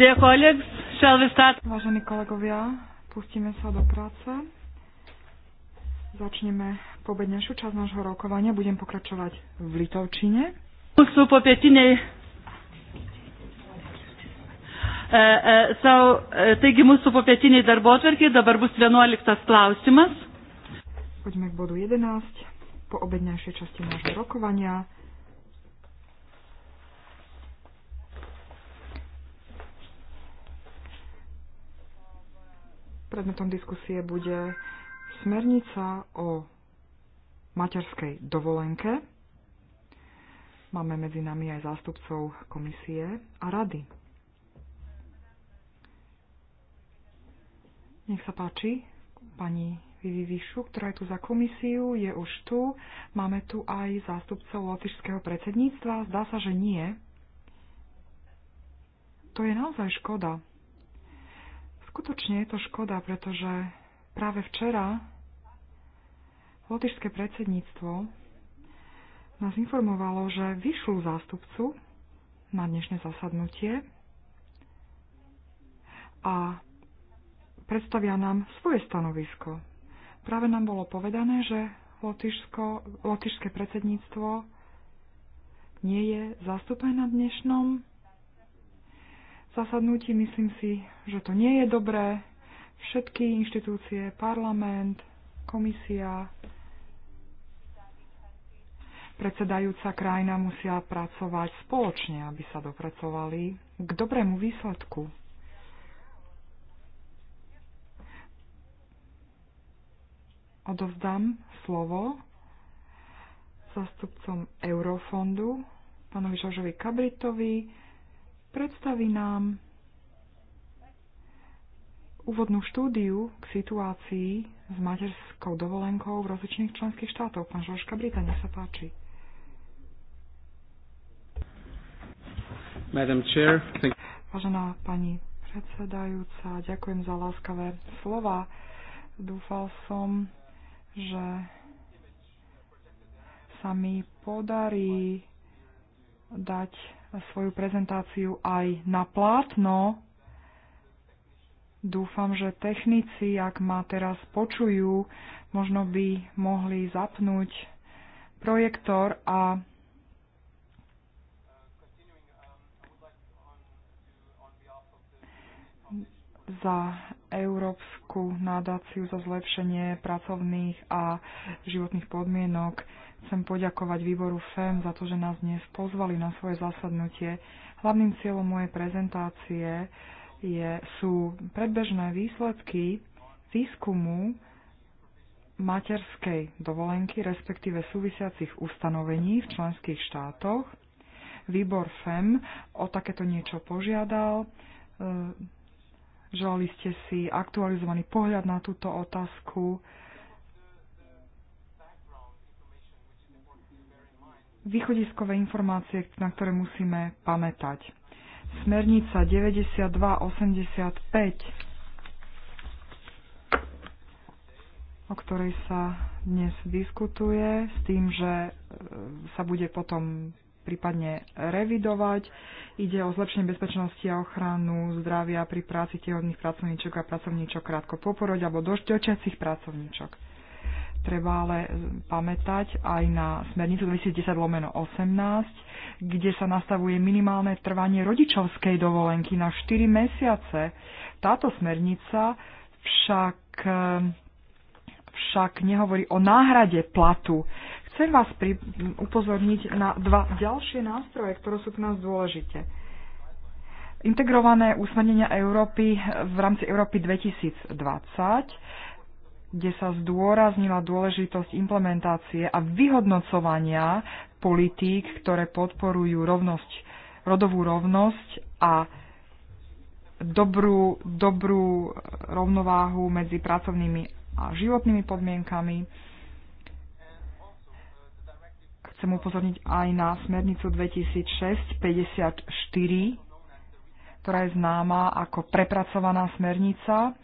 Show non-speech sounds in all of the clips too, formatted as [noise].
Dear colleagues, shall we start? Vážení kolegovia, pustíme sa do práce. Začneme pobednejšiu časť nášho rokovania. Budem pokračovať v Litovčine. Sú po pietinej Savo, taigi mūsų popietiniai darbo atverkiai dabar bus 11 klausimas. Poďme k bodu 11, po obednejšej časti nášho rokovania. Predmetom diskusie bude smernica o materskej dovolenke. Máme medzi nami aj zástupcov komisie a rady. Nech sa páči, pani Vivi Višu, ktorá je tu za komisiu, je už tu. Máme tu aj zástupcov lotišského predsedníctva. Zdá sa, že nie. To je naozaj škoda. Skutočne je to škoda, pretože práve včera lotyšské predsedníctvo nás informovalo, že vyšlú zástupcu na dnešné zasadnutie a predstavia nám svoje stanovisko. Práve nám bolo povedané, že Lotyšsko, lotyšské predsedníctvo nie je zastúpené na dnešnom zasadnutí. Myslím si, že to nie je dobré. Všetky inštitúcie, parlament, komisia, predsedajúca krajina musia pracovať spoločne, aby sa dopracovali k dobrému výsledku. Odovzdám slovo zastupcom Eurofondu, pánovi Žožovi Kabritovi, predstaví nám úvodnú štúdiu k situácii s materskou dovolenkou v rozličných členských štátoch. Pán Žoška Brita, nech sa páči. Madam Chair, thank... Vážená pani predsedajúca, ďakujem za láskavé slova. Dúfal som, že sa mi podarí dať svoju prezentáciu aj na plátno. Dúfam, že technici, ak ma teraz počujú, možno by mohli zapnúť projektor a za Európsku nadáciu za zlepšenie pracovných a životných podmienok Chcem poďakovať výboru FEM za to, že nás dnes pozvali na svoje zasadnutie. Hlavným cieľom mojej prezentácie je, sú predbežné výsledky výskumu materskej dovolenky, respektíve súvisiacich ustanovení v členských štátoch. Výbor FEM o takéto niečo požiadal. E, želali ste si aktualizovaný pohľad na túto otázku. východiskové informácie, na ktoré musíme pamätať. Smernica 9285 o ktorej sa dnes diskutuje, s tým, že e, sa bude potom prípadne revidovať. Ide o zlepšenie bezpečnosti a ochranu zdravia pri práci tehodných pracovníčok a pracovníčok krátko po porode alebo dočiacich pracovníčok. Treba ale e, pamätať aj na smernicu 2010 lomeno 18, kde sa nastavuje minimálne trvanie rodičovskej dovolenky na 4 mesiace. Táto smernica však, e, však nehovorí o náhrade platu. Chcem vás pri, upozorniť na dva ďalšie nástroje, ktoré sú k nás dôležité. Integrované usmernenia Európy v rámci Európy 2020 kde sa zdôraznila dôležitosť implementácie a vyhodnocovania politík, ktoré podporujú rovnosť, rodovú rovnosť a dobrú, dobrú rovnováhu medzi pracovnými a životnými podmienkami. Chcem upozorniť aj na smernicu 2006-54, ktorá je známa ako prepracovaná smernica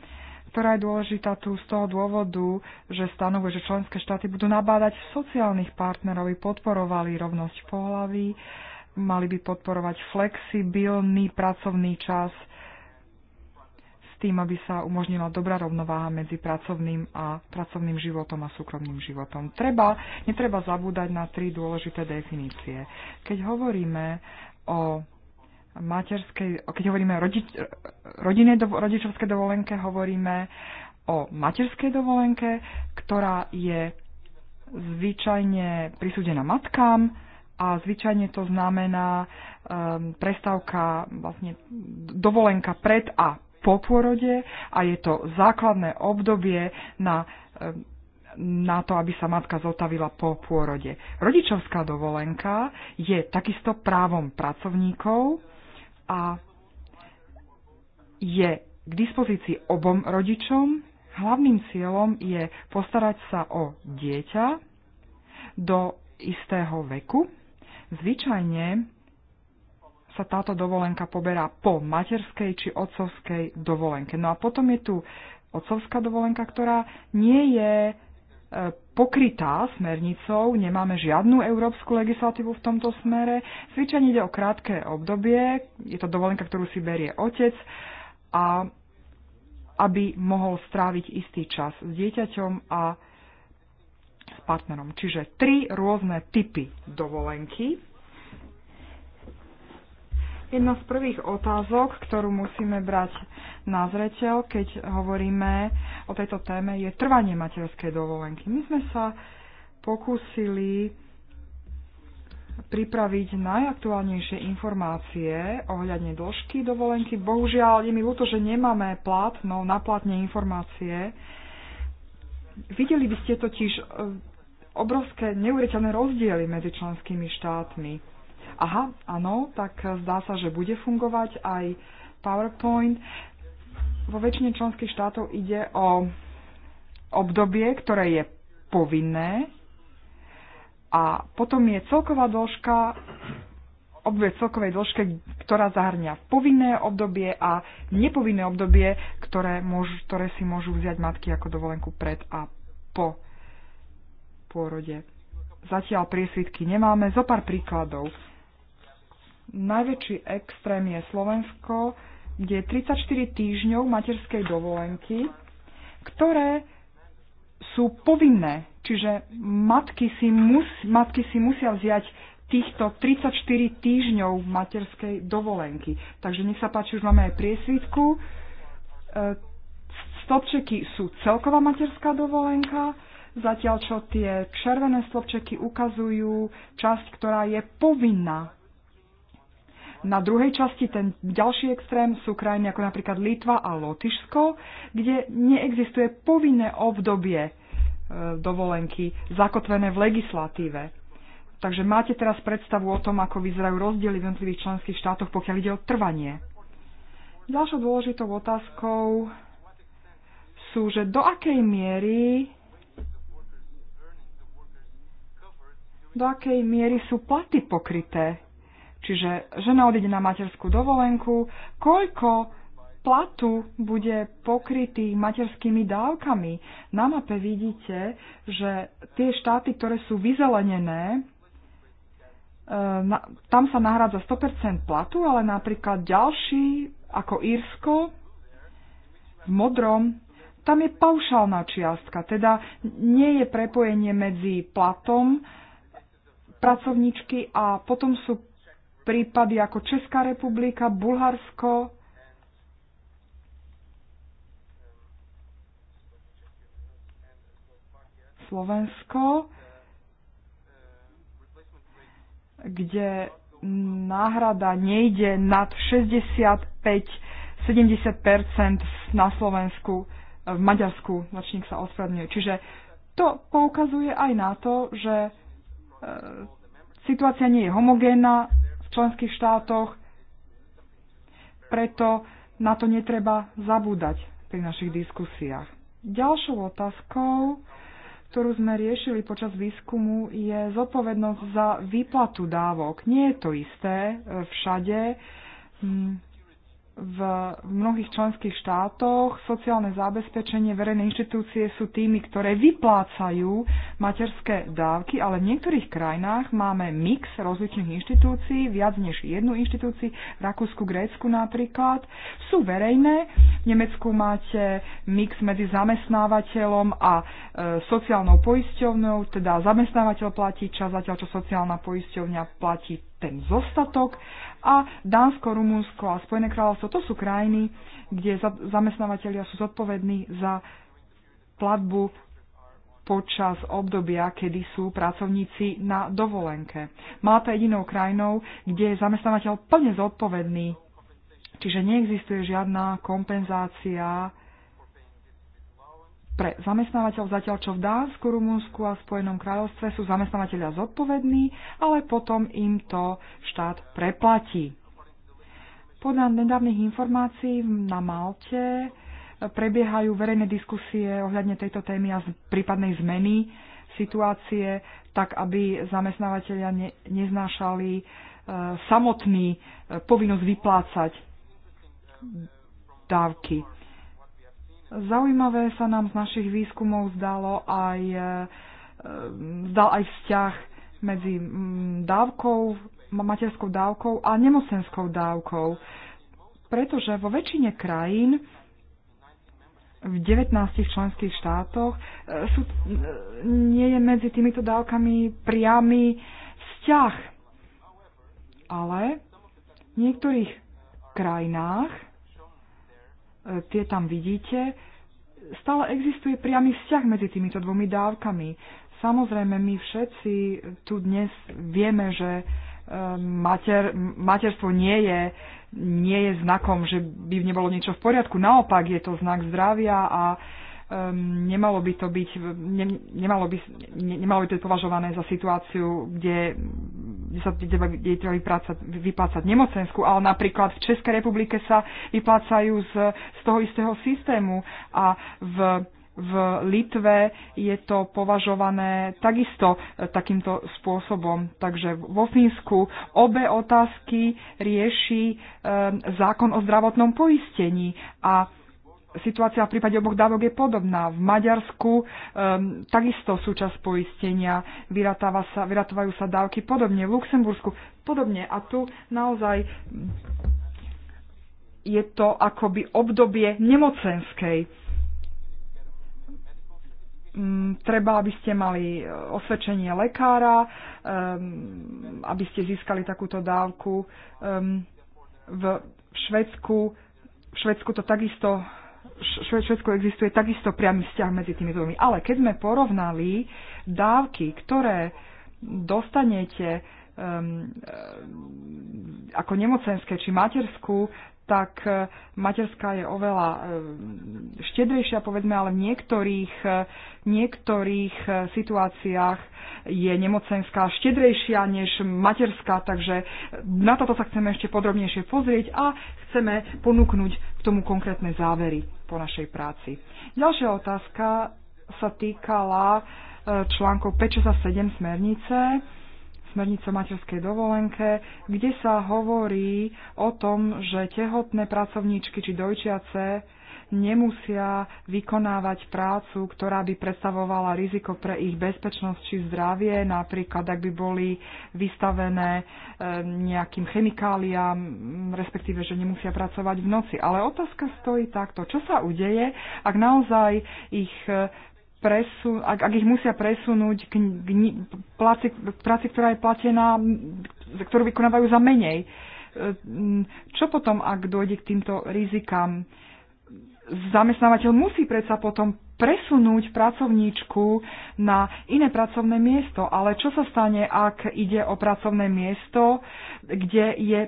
ktorá je dôležitá tu z toho dôvodu, že stanovuje, že členské štáty budú nabádať sociálnych partnerov, aby podporovali rovnosť pohlaví, mali by podporovať flexibilný pracovný čas s tým, aby sa umožnila dobrá rovnováha medzi pracovným a pracovným životom a súkromným životom. Treba, netreba zabúdať na tri dôležité definície. Keď hovoríme o materskej, keď hovoríme o rodič, rodine, rodičovskej dovolenke, hovoríme o materskej dovolenke, ktorá je zvyčajne prisúdená matkám a zvyčajne to znamená um, prestávka, vlastne dovolenka pred a po pôrode a je to základné obdobie na um, na to, aby sa matka zotavila po pôrode. Rodičovská dovolenka je takisto právom pracovníkov a je k dispozícii obom rodičom. Hlavným cieľom je postarať sa o dieťa do istého veku. Zvyčajne sa táto dovolenka poberá po materskej či otcovskej dovolenke. No a potom je tu otcovská dovolenka, ktorá nie je e, pokrytá smernicou, nemáme žiadnu európsku legislatívu v tomto smere. Zvyčajne ide o krátke obdobie, je to dovolenka, ktorú si berie otec a aby mohol stráviť istý čas s dieťaťom a s partnerom. Čiže tri rôzne typy dovolenky. Jedna z prvých otázok, ktorú musíme brať na zreteľ, keď hovoríme o tejto téme, je trvanie materskej dovolenky. My sme sa pokúsili pripraviť najaktuálnejšie informácie ohľadne dĺžky dovolenky. Bohužiaľ, je mi ľúto, že nemáme no naplatne informácie. Videli by ste totiž eh, obrovské neuveriteľné rozdiely medzi členskými štátmi Aha, áno, tak zdá sa, že bude fungovať aj PowerPoint. Vo väčšine členských štátov ide o obdobie, ktoré je povinné a potom je celková dĺžka obdobie celkovej dĺžke, ktorá zahrňa povinné obdobie a nepovinné obdobie, ktoré, môž, ktoré si môžu vziať matky ako dovolenku pred a po pôrode. Zatiaľ priesvitky nemáme, zo pár príkladov najväčší extrém je Slovensko, kde je 34 týždňov materskej dovolenky, ktoré sú povinné. Čiže matky si, mus, matky si musia vziať týchto 34 týždňov materskej dovolenky. Takže nech sa páči, už máme aj priesvitku. E, stopčeky sú celková materská dovolenka, zatiaľ čo tie červené stopčeky ukazujú časť, ktorá je povinná na druhej časti ten ďalší extrém sú krajiny ako napríklad Litva a Lotyšsko, kde neexistuje povinné obdobie e, dovolenky zakotvené v legislatíve. Takže máte teraz predstavu o tom, ako vyzerajú rozdiely v jednotlivých členských štátoch, pokiaľ ide o trvanie. Ďalšou dôležitou otázkou sú, že do akej miery do akej miery sú platy pokryté Čiže žena odíde na materskú dovolenku, koľko platu bude pokrytý materskými dávkami. Na mape vidíte, že tie štáty, ktoré sú vyzelenené, e, tam sa nahrádza 100% platu, ale napríklad ďalší, ako Írsko, v modrom, tam je paušálna čiastka, teda nie je prepojenie medzi platom pracovničky a potom sú prípady ako Česká republika, Bulharsko, Slovensko, kde náhrada nejde nad 65-70 na Slovensku, v Maďarsku začník sa ospravedlňuje. Čiže to poukazuje aj na to, že e, situácia nie je homogénna členských štátoch, preto na to netreba zabúdať pri našich diskusiách. Ďalšou otázkou, ktorú sme riešili počas výskumu, je zodpovednosť za výplatu dávok. Nie je to isté e, všade. Mm, v mnohých členských štátoch sociálne zabezpečenie verejné inštitúcie sú tými, ktoré vyplácajú materské dávky, ale v niektorých krajinách máme mix rozličných inštitúcií, viac než jednu inštitúciu, v Rakúsku, Grécku napríklad, sú verejné. V Nemecku máte mix medzi zamestnávateľom a e, sociálnou poisťovňou, teda zamestnávateľ platí čas, zatiaľ čo sociálna poisťovňa platí ten zostatok a Dánsko, Rumunsko a Spojené kráľovstvo to sú krajiny, kde zamestnávateľia sú zodpovední za platbu počas obdobia, kedy sú pracovníci na dovolenke. Malta je jedinou krajinou, kde je zamestnávateľ plne zodpovedný, čiže neexistuje žiadna kompenzácia pre zamestnávateľov, zatiaľ čo v Dánsku, Rumunsku a Spojenom kráľovstve sú zamestnávateľia zodpovední, ale potom im to štát preplatí. Podľa nedávnych informácií na Malte eh, prebiehajú verejné diskusie ohľadne tejto témy a prípadnej zmeny situácie, tak aby zamestnávateľia ne, neznášali e, samotný e, povinnosť vyplácať dávky Zaujímavé sa nám z našich výskumov zdalo aj, e, e, zdal aj vzťah medzi dávkou, materskou dávkou a nemocenskou dávkou, pretože vo väčšine krajín v 19 členských štátoch e, sú, nie je medzi týmito dávkami priamy vzťah. Ale v niektorých krajinách tie tam vidíte. Stále existuje priamy vzťah medzi týmito dvomi dávkami. Samozrejme, my všetci tu dnes vieme, že e, mater, materstvo nie je, nie je znakom, že by nebolo niečo v poriadku. Naopak je to znak zdravia a um, nemalo by to byť, ne, nemalo, by, ne, nemalo by to považované za situáciu, kde kde sa kde treba vyplácať, vyplácať nemocenskú, ale napríklad v Českej republike sa vyplácajú z, z toho istého systému a v v Litve je to považované takisto e, takýmto spôsobom. Takže vo Fínsku obe otázky rieši e, zákon o zdravotnom poistení a situácia v prípade oboch dávok je podobná. V Maďarsku um, takisto súčasť poistenia, vyratáva sa, vyratávajú sa dávky podobne, v Luxembursku podobne. A tu naozaj je to akoby obdobie nemocenskej. Um, treba, aby ste mali eh, osvedčenie lekára, um, aby ste získali takúto dávku. Um, v Švedsku v Švedsku to takisto Švedsku existuje takisto priamy vzťah medzi tými dvomi. Ale keď sme porovnali dávky, ktoré dostanete um, ako nemocenské či materskú tak e, materská je oveľa e, štedrejšia, povedzme, ale v niektorých, e, niektorých situáciách je nemocenská štedrejšia než materská, takže na toto sa chceme ešte podrobnejšie pozrieť a chceme ponúknuť k tomu konkrétne závery po našej práci. Ďalšia otázka sa týkala článkov 5, 6 a 7 smernice smernice o materskej dovolenke, kde sa hovorí o tom, že tehotné pracovníčky či dojčiace nemusia vykonávať prácu, ktorá by predstavovala riziko pre ich bezpečnosť či zdravie, napríklad ak by boli vystavené e, nejakým chemikáliám, respektíve, že nemusia pracovať v noci. Ale otázka stojí takto. Čo sa udeje, ak naozaj ich e, presu, ak, ak ich musia presunúť k, k, práci, k práci, ktorá je platená, ktorú vykonávajú za menej. E, čo potom, ak dojde k týmto rizikám? Zamestnávateľ musí predsa potom presunúť pracovníčku na iné pracovné miesto. Ale čo sa stane, ak ide o pracovné miesto, kde je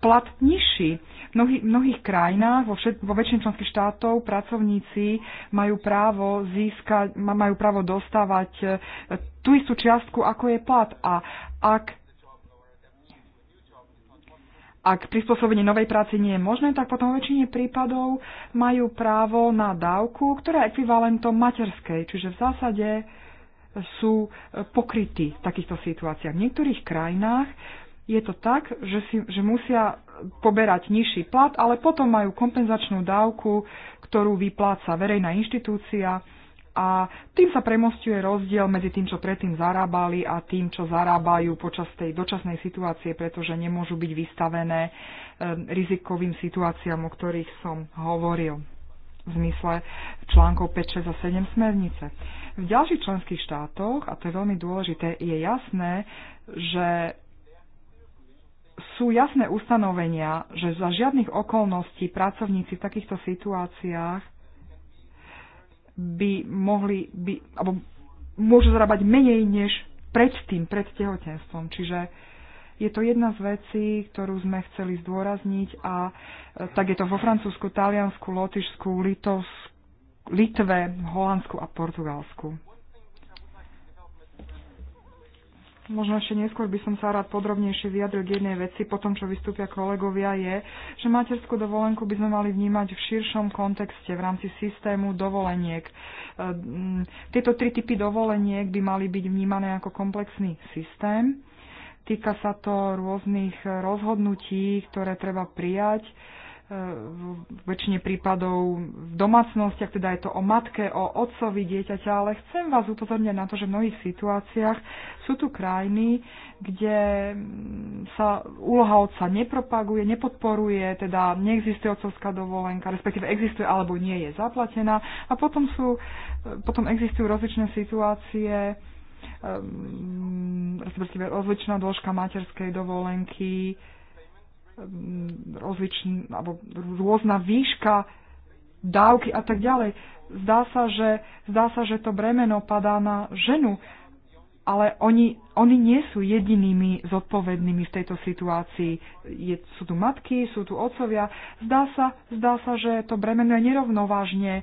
plat nižší. V mnohých, mnohých krajinách, vo, všet, vo väčšine členských štátov, pracovníci majú právo získať, majú právo dostávať e, tú istú čiastku, ako je plat. A ak ak prispôsobenie novej práce nie je možné, tak potom vo väčšine prípadov majú právo na dávku, ktorá je ekvivalentom materskej. Čiže v zásade sú e, pokrytí v takýchto situáciách. V niektorých krajinách je to tak, že, si, že musia poberať nižší plat, ale potom majú kompenzačnú dávku, ktorú vypláca verejná inštitúcia a tým sa premostuje rozdiel medzi tým, čo predtým zarábali a tým, čo zarábajú počas tej dočasnej situácie, pretože nemôžu byť vystavené e, rizikovým situáciám, o ktorých som hovoril v zmysle článkov 5, 6 a 7 smernice. V ďalších členských štátoch, a to je veľmi dôležité, je jasné, že sú jasné ustanovenia, že za žiadnych okolností pracovníci v takýchto situáciách by mohli, by, alebo môžu zarábať menej než predtým, pred tehotenstvom. Čiže je to jedna z vecí, ktorú sme chceli zdôrazniť a e, tak je to vo Francúzsku, Taliansku, Lotyšsku, Litovsku, Litve, Holandsku a Portugalsku. možno ešte neskôr by som sa rád podrobnejšie vyjadril k jednej veci, po tom, čo vystúpia kolegovia, je, že materskú dovolenku by sme mali vnímať v širšom kontexte v rámci systému dovoleniek. E, tieto tri typy dovoleniek by mali byť vnímané ako komplexný systém. Týka sa to rôznych rozhodnutí, ktoré treba prijať v väčšine prípadov v domácnostiach, teda je to o matke, o otcovi dieťaťa, ale chcem vás upozorniť na to, že v mnohých situáciách sú tu krajiny, kde mm, sa úloha otca nepropaguje, nepodporuje, teda neexistuje otcovská dovolenka, respektíve existuje alebo nie je zaplatená a potom, sú, potom existujú rozličné situácie, mm, respektíve rozličná dĺžka materskej dovolenky, Mm, rozličn, alebo rôzna výška dávky a tak ďalej. Zdá sa, že, zdá sa, že to bremeno padá na ženu, ale oni, oni nie sú jedinými zodpovednými v tejto situácii. Je, sú tu matky, sú tu otcovia. Zdá sa, zdá sa, že to bremeno je nerovnovážne e,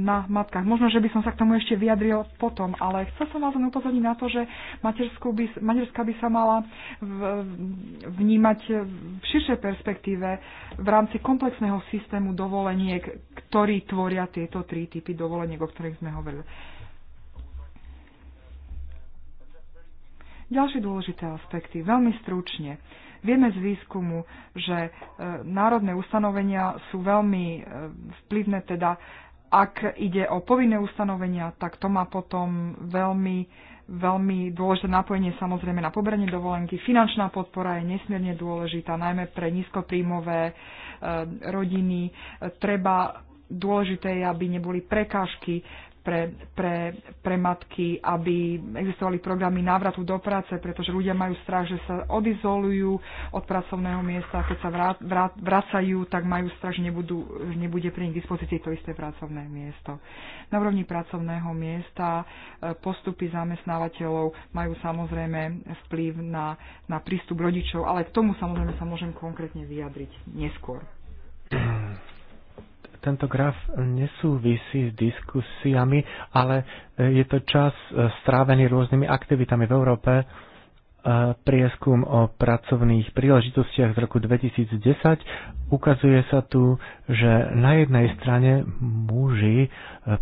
na matkách. Možno, že by som sa k tomu ešte vyjadril potom, ale chcel som vás upozorniť na to, že by, materská by sa mala v, vnímať v širšej perspektíve v rámci komplexného systému dovoleniek, ktorý tvoria tieto tri typy dovoleniek, o ktorých sme hovorili. Ďalšie dôležité aspekty, veľmi stručne. Vieme z výskumu, že e, národné ustanovenia sú veľmi e, vplyvné, teda ak ide o povinné ustanovenia, tak to má potom veľmi, veľmi dôležité napojenie samozrejme na poberanie dovolenky. Finančná podpora je nesmierne dôležitá, najmä pre nízkopríjmové e, rodiny. Treba dôležité je, aby neboli prekážky pre, pre, pre matky, aby existovali programy návratu do práce, pretože ľudia majú strach, že sa odizolujú od pracovného miesta a keď sa vrát, vrát, vracajú, tak majú strach, že, nebudú, že nebude pri nich dispozícii to isté pracovné miesto. Na úrovni pracovného miesta e, postupy zamestnávateľov majú samozrejme vplyv na, na prístup rodičov, ale k tomu samozrejme sa môžem konkrétne vyjadriť neskôr. [clears throat] Tento graf nesúvisí s diskusiami, ale e, je to čas e, strávený rôznymi aktivitami v Európe. E, prieskum o pracovných príležitostiach z roku 2010 ukazuje sa tu, že na jednej strane muži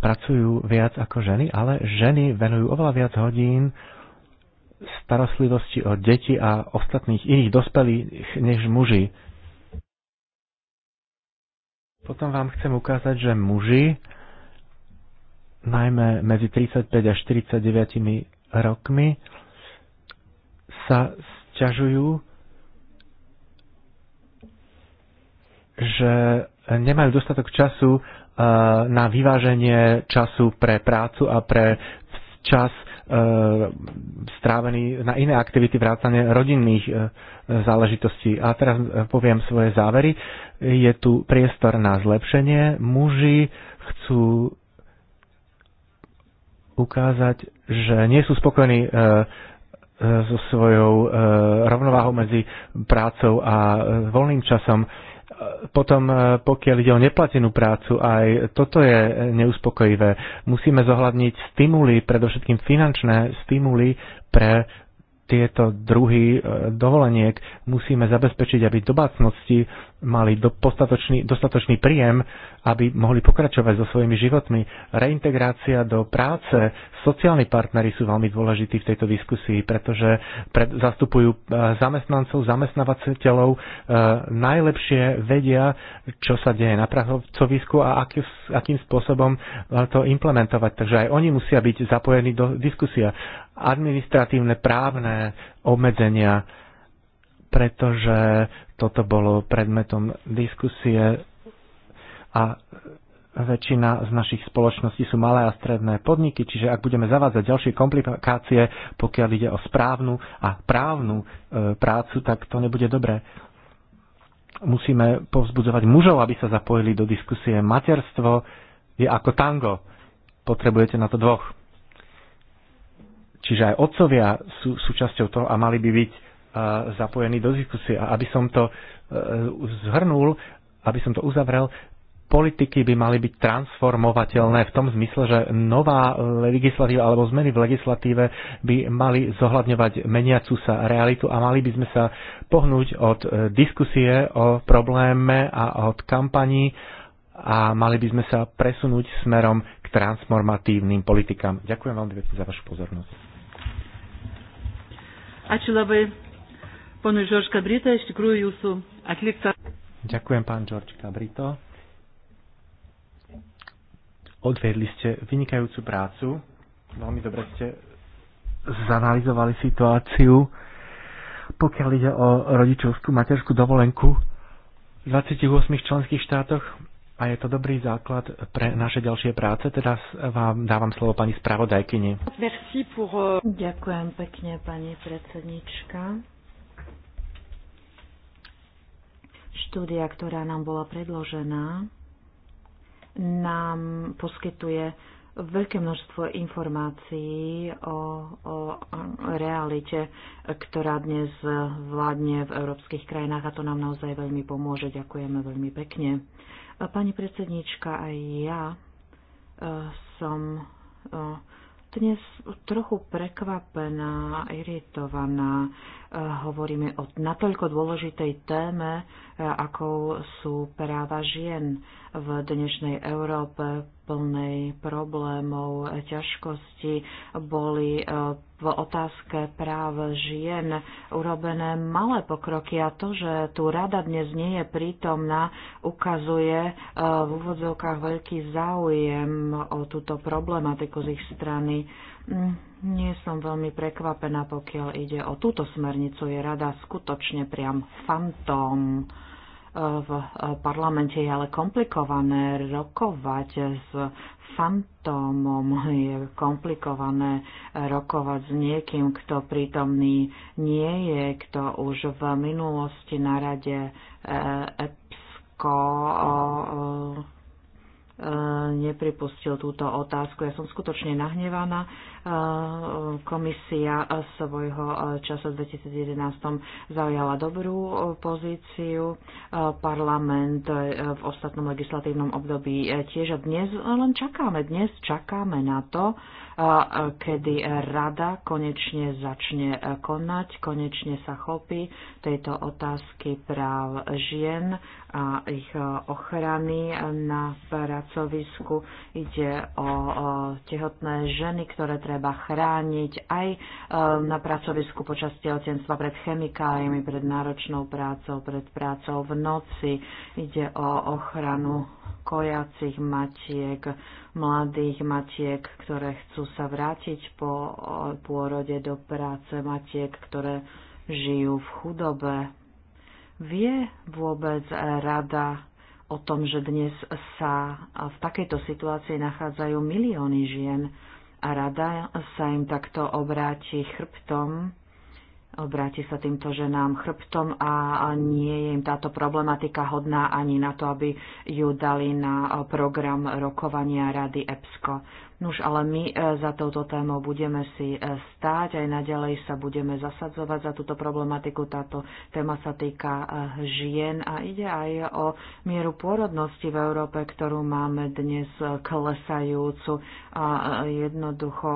pracujú viac ako ženy, ale ženy venujú oveľa viac hodín starostlivosti o deti a ostatných iných dospelých než muži. Potom vám chcem ukázať, že muži, najmä medzi 35 a 49 rokmi, sa sťažujú, že nemajú dostatok času eh, na vyváženie času pre prácu a pre čas E, strávený na iné aktivity vrátane rodinných e, záležitostí. A teraz e, poviem svoje závery. Je tu priestor na zlepšenie. Muži chcú ukázať, že nie sú spokojní so svojou rovnováhou medzi prácou a voľným časom potom, e, pokiaľ ide o neplatenú prácu, aj toto je neuspokojivé. Musíme zohľadniť stimuly, predovšetkým finančné stimuly pre tieto druhy e, dovoleniek musíme zabezpečiť, aby domácnosti mali do, dostatočný príjem, aby mohli pokračovať so svojimi životmi. Reintegrácia do práce, sociálni partnery sú veľmi dôležití v tejto diskusii, pretože pred, zastupujú e, zamestnancov, zamestnávateľov, e, najlepšie vedia, čo sa deje na pracovisku a aký, akým spôsobom e, to implementovať. Takže aj oni musia byť zapojení do diskusia administratívne právne obmedzenia, pretože toto bolo predmetom diskusie a väčšina z našich spoločností sú malé a stredné podniky, čiže ak budeme zavádzať ďalšie komplikácie, pokiaľ ide o správnu a právnu e, prácu, tak to nebude dobré. Musíme povzbudzovať mužov, aby sa zapojili do diskusie. Materstvo je ako tango. Potrebujete na to dvoch. Čiže aj otcovia sú súčasťou toho a mali by byť e, zapojení do diskusie. A aby som to e, zhrnul, aby som to uzavrel, politiky by mali byť transformovateľné v tom zmysle, že nová legislatíva alebo zmeny v legislatíve by mali zohľadňovať meniacu sa realitu a mali by sme sa pohnúť od e, diskusie o probléme a od kampaní a mali by sme sa presunúť smerom k transformatívnym politikám. Ďakujem veľmi pekne za vašu pozornosť. Ačiū labai, ponui Žorž Kabrita, iš tikrųjų jūsų atlikta. Ďakujem, pán Žorž Kabrito. Odvedli ste vynikajúcu prácu. Veľmi dobre ste zanalizovali situáciu, pokiaľ ide o rodičovskú materskú dovolenku v 28 členských štátoch a je to dobrý základ pre naše ďalšie práce. Teraz vám dávam slovo pani spravodajkyni. Merci pour... Euh, Ďakujem pekne, pani predsednička. Štúdia, ktorá nám bola predložená, nám poskytuje veľké množstvo informácií o, o realite, ktorá dnes vládne v európskych krajinách a to nám naozaj veľmi pomôže. Ďakujeme veľmi pekne. Pani predsednička, aj ja eh, som eh, dnes trochu prekvapená, iritovaná hovoríme o natoľko dôležitej téme, e, akou sú práva žien v dnešnej Európe plnej problémov, ťažkosti. Boli e, v otázke práv žien urobené malé pokroky a to, že tu rada dnes nie je prítomná, ukazuje e, v úvodzovkách veľký záujem o túto problematiku z ich strany nie som veľmi prekvapená, pokiaľ ide o túto smernicu. Je rada skutočne priam fantóm e, v e, parlamente je ale komplikované rokovať s fantómom, je komplikované rokovať s niekým, kto prítomný nie je, kto už v minulosti na rade e, EPSCO nepripustil túto otázku. Ja som skutočne nahnevaná E, komisia e, svojho e, času v 2011 zaujala dobrú pozíciu. Parlament v ostatnom legislatívnom období tiež a dnes len čakáme. Dnes čakáme na to, kedy rada konečne začne konať, konečne sa chopí tejto otázky práv žien a ich ochrany na pracovisku. Ide o tehotné ženy, ktoré treba treba chrániť aj e, na pracovisku počas tehotenstva pred chemikáliami, pred náročnou prácou, pred prácou v noci. Ide o ochranu kojacích matiek, mladých matiek, ktoré chcú sa vrátiť po pôrode do práce, matiek, ktoré žijú v chudobe. Vie vôbec rada o tom, že dnes sa v takejto situácii nachádzajú milióny žien, a rada sa im takto obráti chrbtom, obráti sa týmto ženám chrbtom a nie je im táto problematika hodná ani na to, aby ju dali na program rokovania rady EPSCO. Nuž, ale my e, za touto témou budeme si e, stáť, aj naďalej sa budeme zasadzovať za túto problematiku. Táto téma sa týka e, žien a ide aj o mieru pôrodnosti v Európe, ktorú máme dnes klesajúcu a jednoducho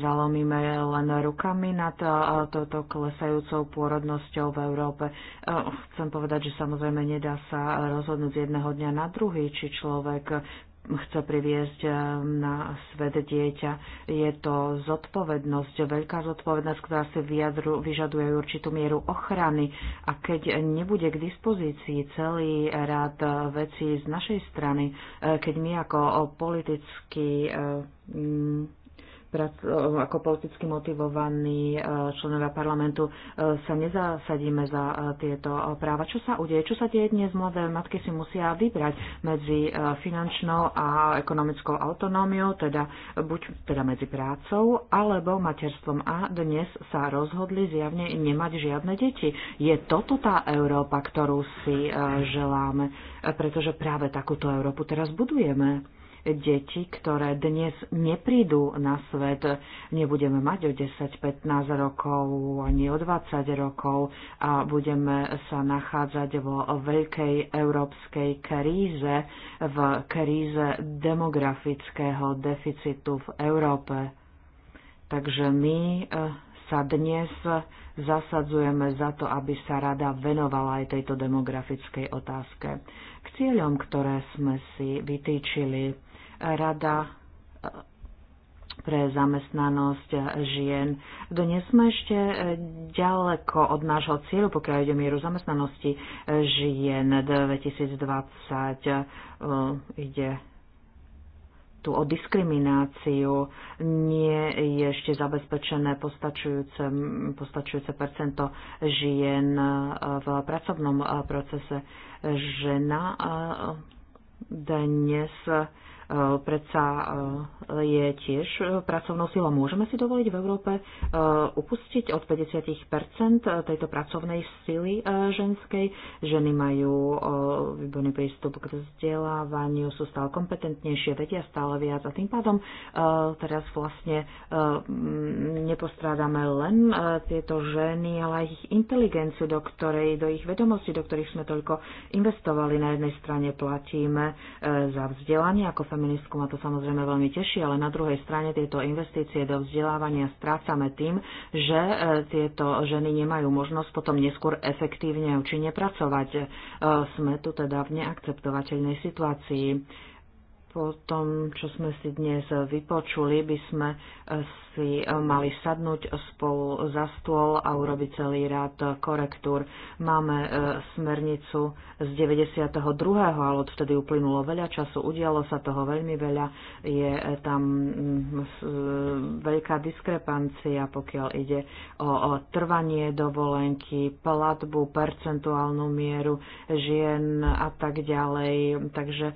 zalomíme len rukami nad touto klesajúcou pôrodnosťou v Európe. Chcem povedať, že samozrejme nedá sa rozhodnúť z jedného dňa na druhý, či človek chce priviesť eh, na svet dieťa. Je to zodpovednosť, veľká zodpovednosť, ktorá si vyjadru, vyžaduje určitú mieru ochrany. A keď nebude k dispozícii celý rád eh, vecí z našej strany, eh, keď my ako politicky ako politicky motivovaní e, členovia parlamentu e, sa nezasadíme za e, tieto práva. Čo sa udeje? Čo sa deje dnes? Mladé matky si musia vybrať medzi finančnou a ekonomickou autonómiou, teda buď teda medzi prácou alebo materstvom. A dnes sa rozhodli zjavne nemať žiadne deti. Je toto tá Európa, ktorú si želáme, pretože práve takúto Európu teraz budujeme deti, ktoré dnes neprídu na svet, nebudeme mať o 10-15 rokov ani o 20 rokov a budeme sa nachádzať vo veľkej európskej kríze, v kríze demografického deficitu v Európe. Takže my e, sa dnes zasadzujeme za to, aby sa rada venovala aj tejto demografickej otázke. K cieľom, ktoré sme si vytýčili, Rada eh, pre zamestnanosť žien. Dnes sme ešte eh, ďaleko od nášho cieľu, pokiaľ ide mieru zamestnanosti eh, žien 2020. Ide tu o diskrimináciu nie je ešte zabezpečené postačujúce, postačujúce percento žien v pracovnom procese. Žena dnes E, predsa e, je tiež e, pracovnou silou. Môžeme si dovoliť v Európe upustiť od 50 tejto pracovnej sily ženskej. Ženy majú výborný prístup k vzdelávaniu, sú stále kompetentnejšie, vedia stále viac a tým pádom teraz vlastne nepostrádame len tieto ženy, ale aj ich inteligenciu, do ktorej, do ich vedomostí, do ktorých sme toľko investovali. Na jednej strane platíme za vzdelanie ako fem- ministrku ma to samozrejme veľmi teší, ale na druhej strane tieto investície do vzdelávania strácame tým, že e, tieto ženy nemajú možnosť potom neskôr efektívne a účinne pracovať. E, sme tu teda v neakceptovateľnej situácii po tom, čo sme si dnes vypočuli, by sme eh, si eh, mali sadnúť spolu za stôl a urobiť celý rád korektúr. Máme eh, smernicu z 92., ale odtedy uplynulo veľa času, udialo sa toho veľmi veľa, je tam hm, veľká diskrepancia, pokiaľ ide o trvanie dovolenky, platbu, percentuálnu mieru žien a tak ďalej. Takže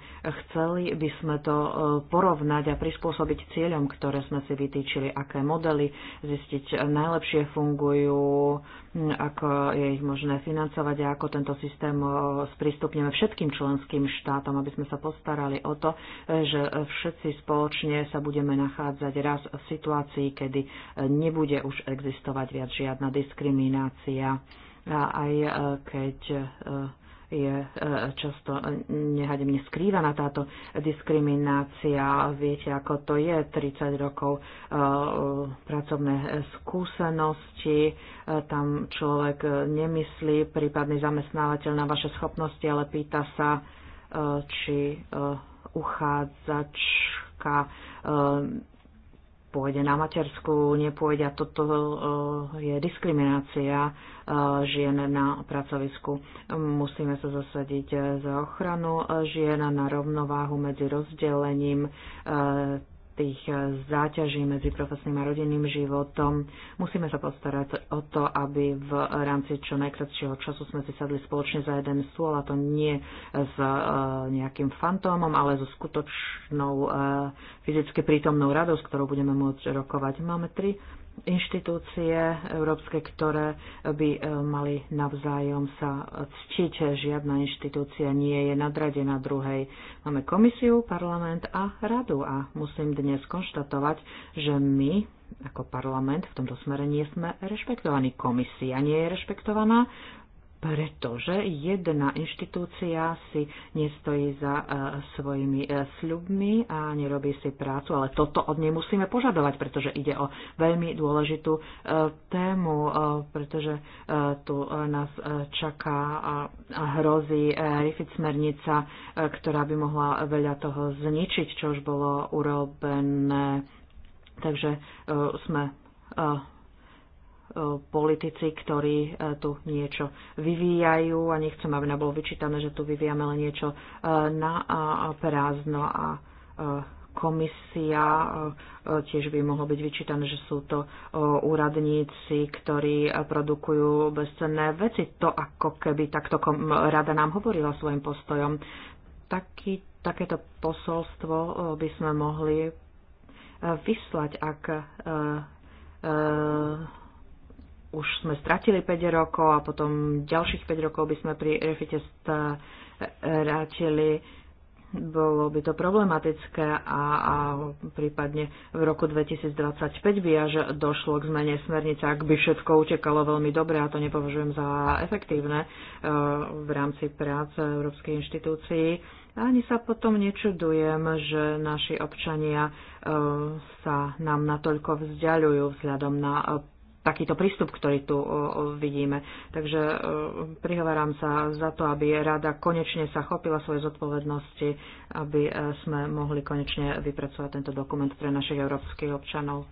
chceli by sme sme to e, porovnať a prispôsobiť cieľom, ktoré sme si vytýčili, aké modely zistiť e, najlepšie fungujú, ako je ich možné financovať a ako tento systém e, sprístupneme všetkým členským štátom, aby sme sa postarali o to, že všetci spoločne sa budeme nachádzať raz v situácii, kedy nebude už existovať viac žiadna diskriminácia. A aj keď je e, často nehademne skrývaná táto diskriminácia. Viete, ako to je, 30 rokov e, pracovné skúsenosti, e, tam človek nemyslí, prípadný zamestnávateľ na vaše schopnosti, ale pýta sa, či uchádzačka pôjde na matersku, nepôjde. Toto e, je diskriminácia e, žien na pracovisku. Musíme sa zasadiť za ochranu e, žien na rovnováhu medzi rozdelením tých eh, záťaží medzi profesným a rodinným životom. Musíme sa postarať o to, aby v rámci čo najkratšieho času sme si sadli spoločne za jeden stôl a to nie s eh, nejakým fantómom, ale so skutočnou eh, fyzicky prítomnou radosť, ktorou budeme môcť rokovať. Máme tri inštitúcie európske, ktoré by e, mali navzájom sa ctiť. Žiadna inštitúcia nie je nadradená druhej. Máme komisiu, parlament a radu a musím dnes konštatovať, že my ako parlament v tomto smere nie sme rešpektovaní. Komisia nie je rešpektovaná, pretože jedna inštitúcia si nestojí za e, svojimi e, sľubmi a nerobí si prácu, ale toto od nej musíme požadovať, pretože ide o veľmi dôležitú e, tému, pretože tu nás čaká a hrozí RIFIT smernica, ktorá by mohla veľa toho zničiť, čo už bolo urobené. Takže sme politici, ktorí e, tu niečo vyvíjajú a nechcem, aby nám bolo vyčítané, že tu vyvíjame len niečo e, na prázdno a e, komisia tiež by mohlo byť vyčítané, že sú to úradníci, ktorí produkujú bezcenné veci. To ako keby takto rada nám hovorila svojim postojom. Taký, takéto posolstvo by sme mohli vyslať, ak už sme stratili 5 rokov a potom ďalších 5 rokov by sme pri refite stratili, Bolo by to problematické a, a prípadne v roku 2025 by až došlo k zmene smernice, ak by všetko utekalo veľmi dobre a to nepovažujem za efektívne e, v rámci práce Európskej inštitúcii. Ani sa potom nečudujem, že naši občania e, sa nám natoľko vzdialujú vzhľadom na takýto prístup, ktorý tu vidíme. Takže e, prihováram sa za to, aby rada konečne sa chopila svoje zodpovednosti, aby e, sme mohli konečne vypracovať tento dokument pre našich európskych občanov.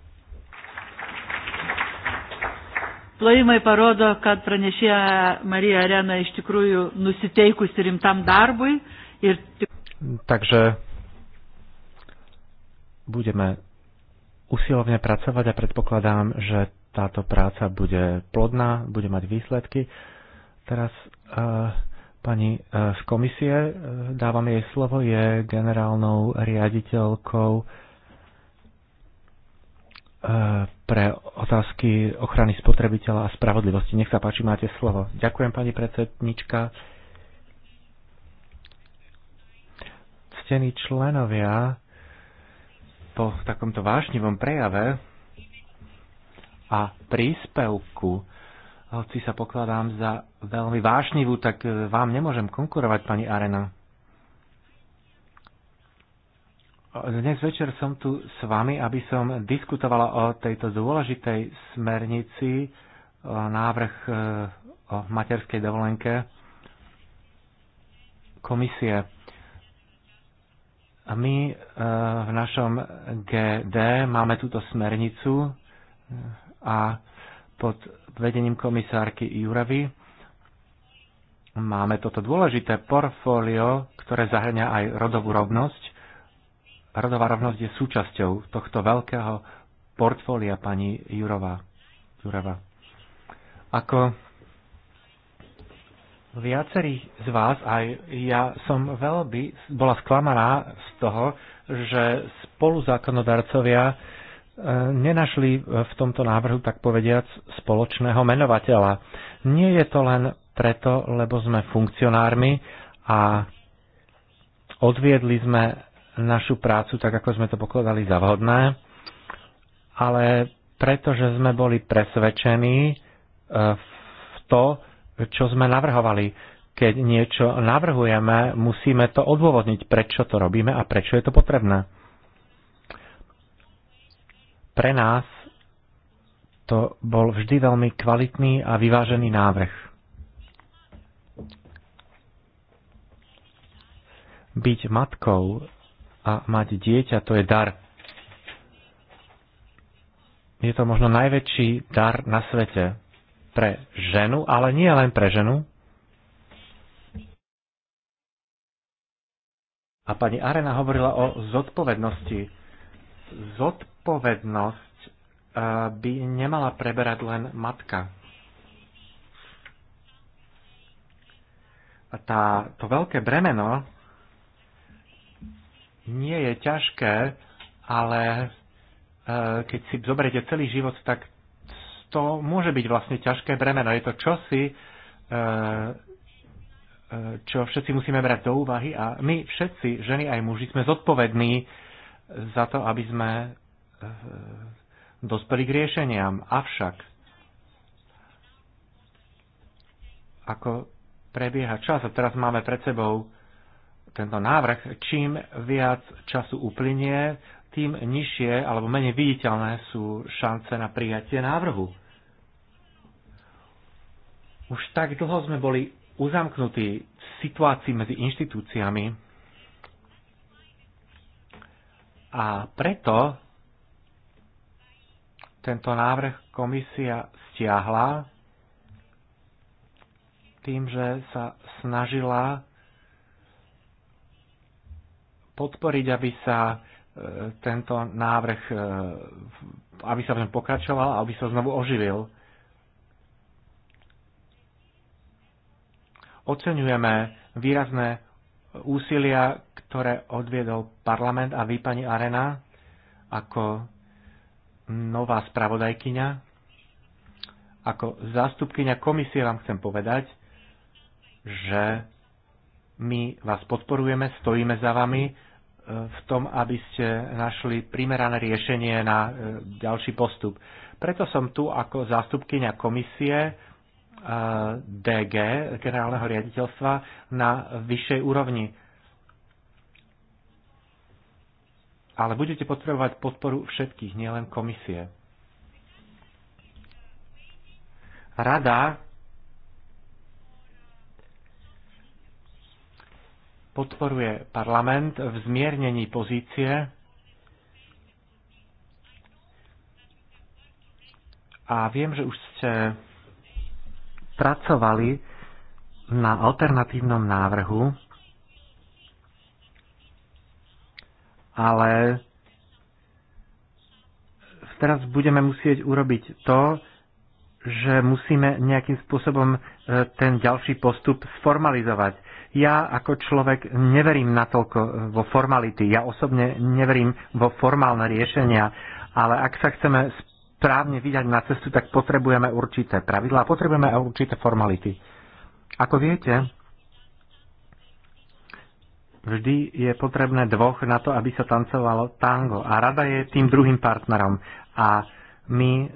Plojimai parodo, kad pranešėja Marija Arena iš tikrųjų nusiteikusi rimtam darbui. Ir... Takže budeme usilovne pracovať a predpokladám, že táto práca bude plodná, bude mať výsledky. Teraz uh, pani uh, z komisie, uh, dávam jej slovo, je generálnou riaditeľkou pre otázky ochrany spotrebiteľa a spravodlivosti. Nech sa páči, máte slovo. Ďakujem, pani predsednička. Ctení členovia, po takomto vášnivom prejave a príspevku. Hoci sa pokladám za veľmi vášnivú, tak e, vám nemôžem konkurovať, pani Arena. E, dnes večer som tu s vami, aby som diskutovala o tejto dôležitej smernici, o e, návrh o materskej dovolenke komisie. A my v našom GD máme túto smernicu a pod vedením komisárky Juravy máme toto dôležité portfólio, ktoré zahrňa aj rodovú rovnosť. Rodová rovnosť je súčasťou tohto veľkého portfólia pani Jurova Jurava. Ako viacerých z vás, aj ja som veľmi bola sklamaná z toho, že spoluzákonodarcovia E, nenašli e, v tomto návrhu, tak povediac, spoločného menovateľa. Nie je to len preto, lebo sme funkcionármi a odviedli sme našu prácu tak, ako sme to pokladali za vhodné, ale pretože sme boli presvedčení e, v to, čo sme navrhovali. Keď niečo navrhujeme, musíme to odôvodniť, prečo to robíme a prečo je to potrebné. Pre nás to bol vždy veľmi kvalitný a vyvážený návrh. Byť matkou a mať dieťa to je dar. Je to možno najväčší dar na svete pre ženu, ale nie len pre ženu. A pani Arena hovorila o zodpovednosti. Zodpovednosti zodpovednosť eh, by nemala preberať len matka. Tá, to veľké bremeno nie je ťažké, ale eh, keď si zoberiete celý život, tak to môže byť vlastne ťažké bremeno. Je to čosi, eh, čo všetci musíme brať do úvahy a my všetci, ženy aj muži, sme zodpovední za to, aby sme Eh, dospeli k riešeniam. Avšak, ako prebieha čas a teraz máme pred sebou tento návrh, čím viac času uplynie, tým nižšie alebo menej viditeľné sú šance na prijatie návrhu. Už tak dlho sme boli uzamknutí v situácii medzi inštitúciami a preto tento návrh komisia stiahla tým, že sa snažila podporiť, aby sa e, tento návrh, e, aby sa v ňom pokračoval a aby sa znovu oživil. Oceňujeme výrazné úsilia, ktoré odviedol parlament a vy, pani Arena, ako nová spravodajkyňa. Ako zástupkyňa komisie vám chcem povedať, že my vás podporujeme, stojíme za vami e, v tom, aby ste našli primerané riešenie na e, ďalší postup. Preto som tu ako zástupkyňa komisie e, DG, generálneho riaditeľstva, na vyššej úrovni. Ale budete potrebovať podporu všetkých, nielen komisie. Rada podporuje parlament v zmiernení pozície a viem, že už ste pracovali na alternatívnom návrhu ale teraz budeme musieť urobiť to, že musíme nejakým spôsobom e, ten ďalší postup sformalizovať. Ja ako človek neverím natoľko e, vo formality, ja osobne neverím vo formálne riešenia, ale ak sa chceme správne vydať na cestu, tak potrebujeme určité pravidlá, potrebujeme aj určité formality. Ako viete, Vždy je potrebné dvoch na to, aby sa tancovalo tango. A rada je tým druhým partnerom. A my e,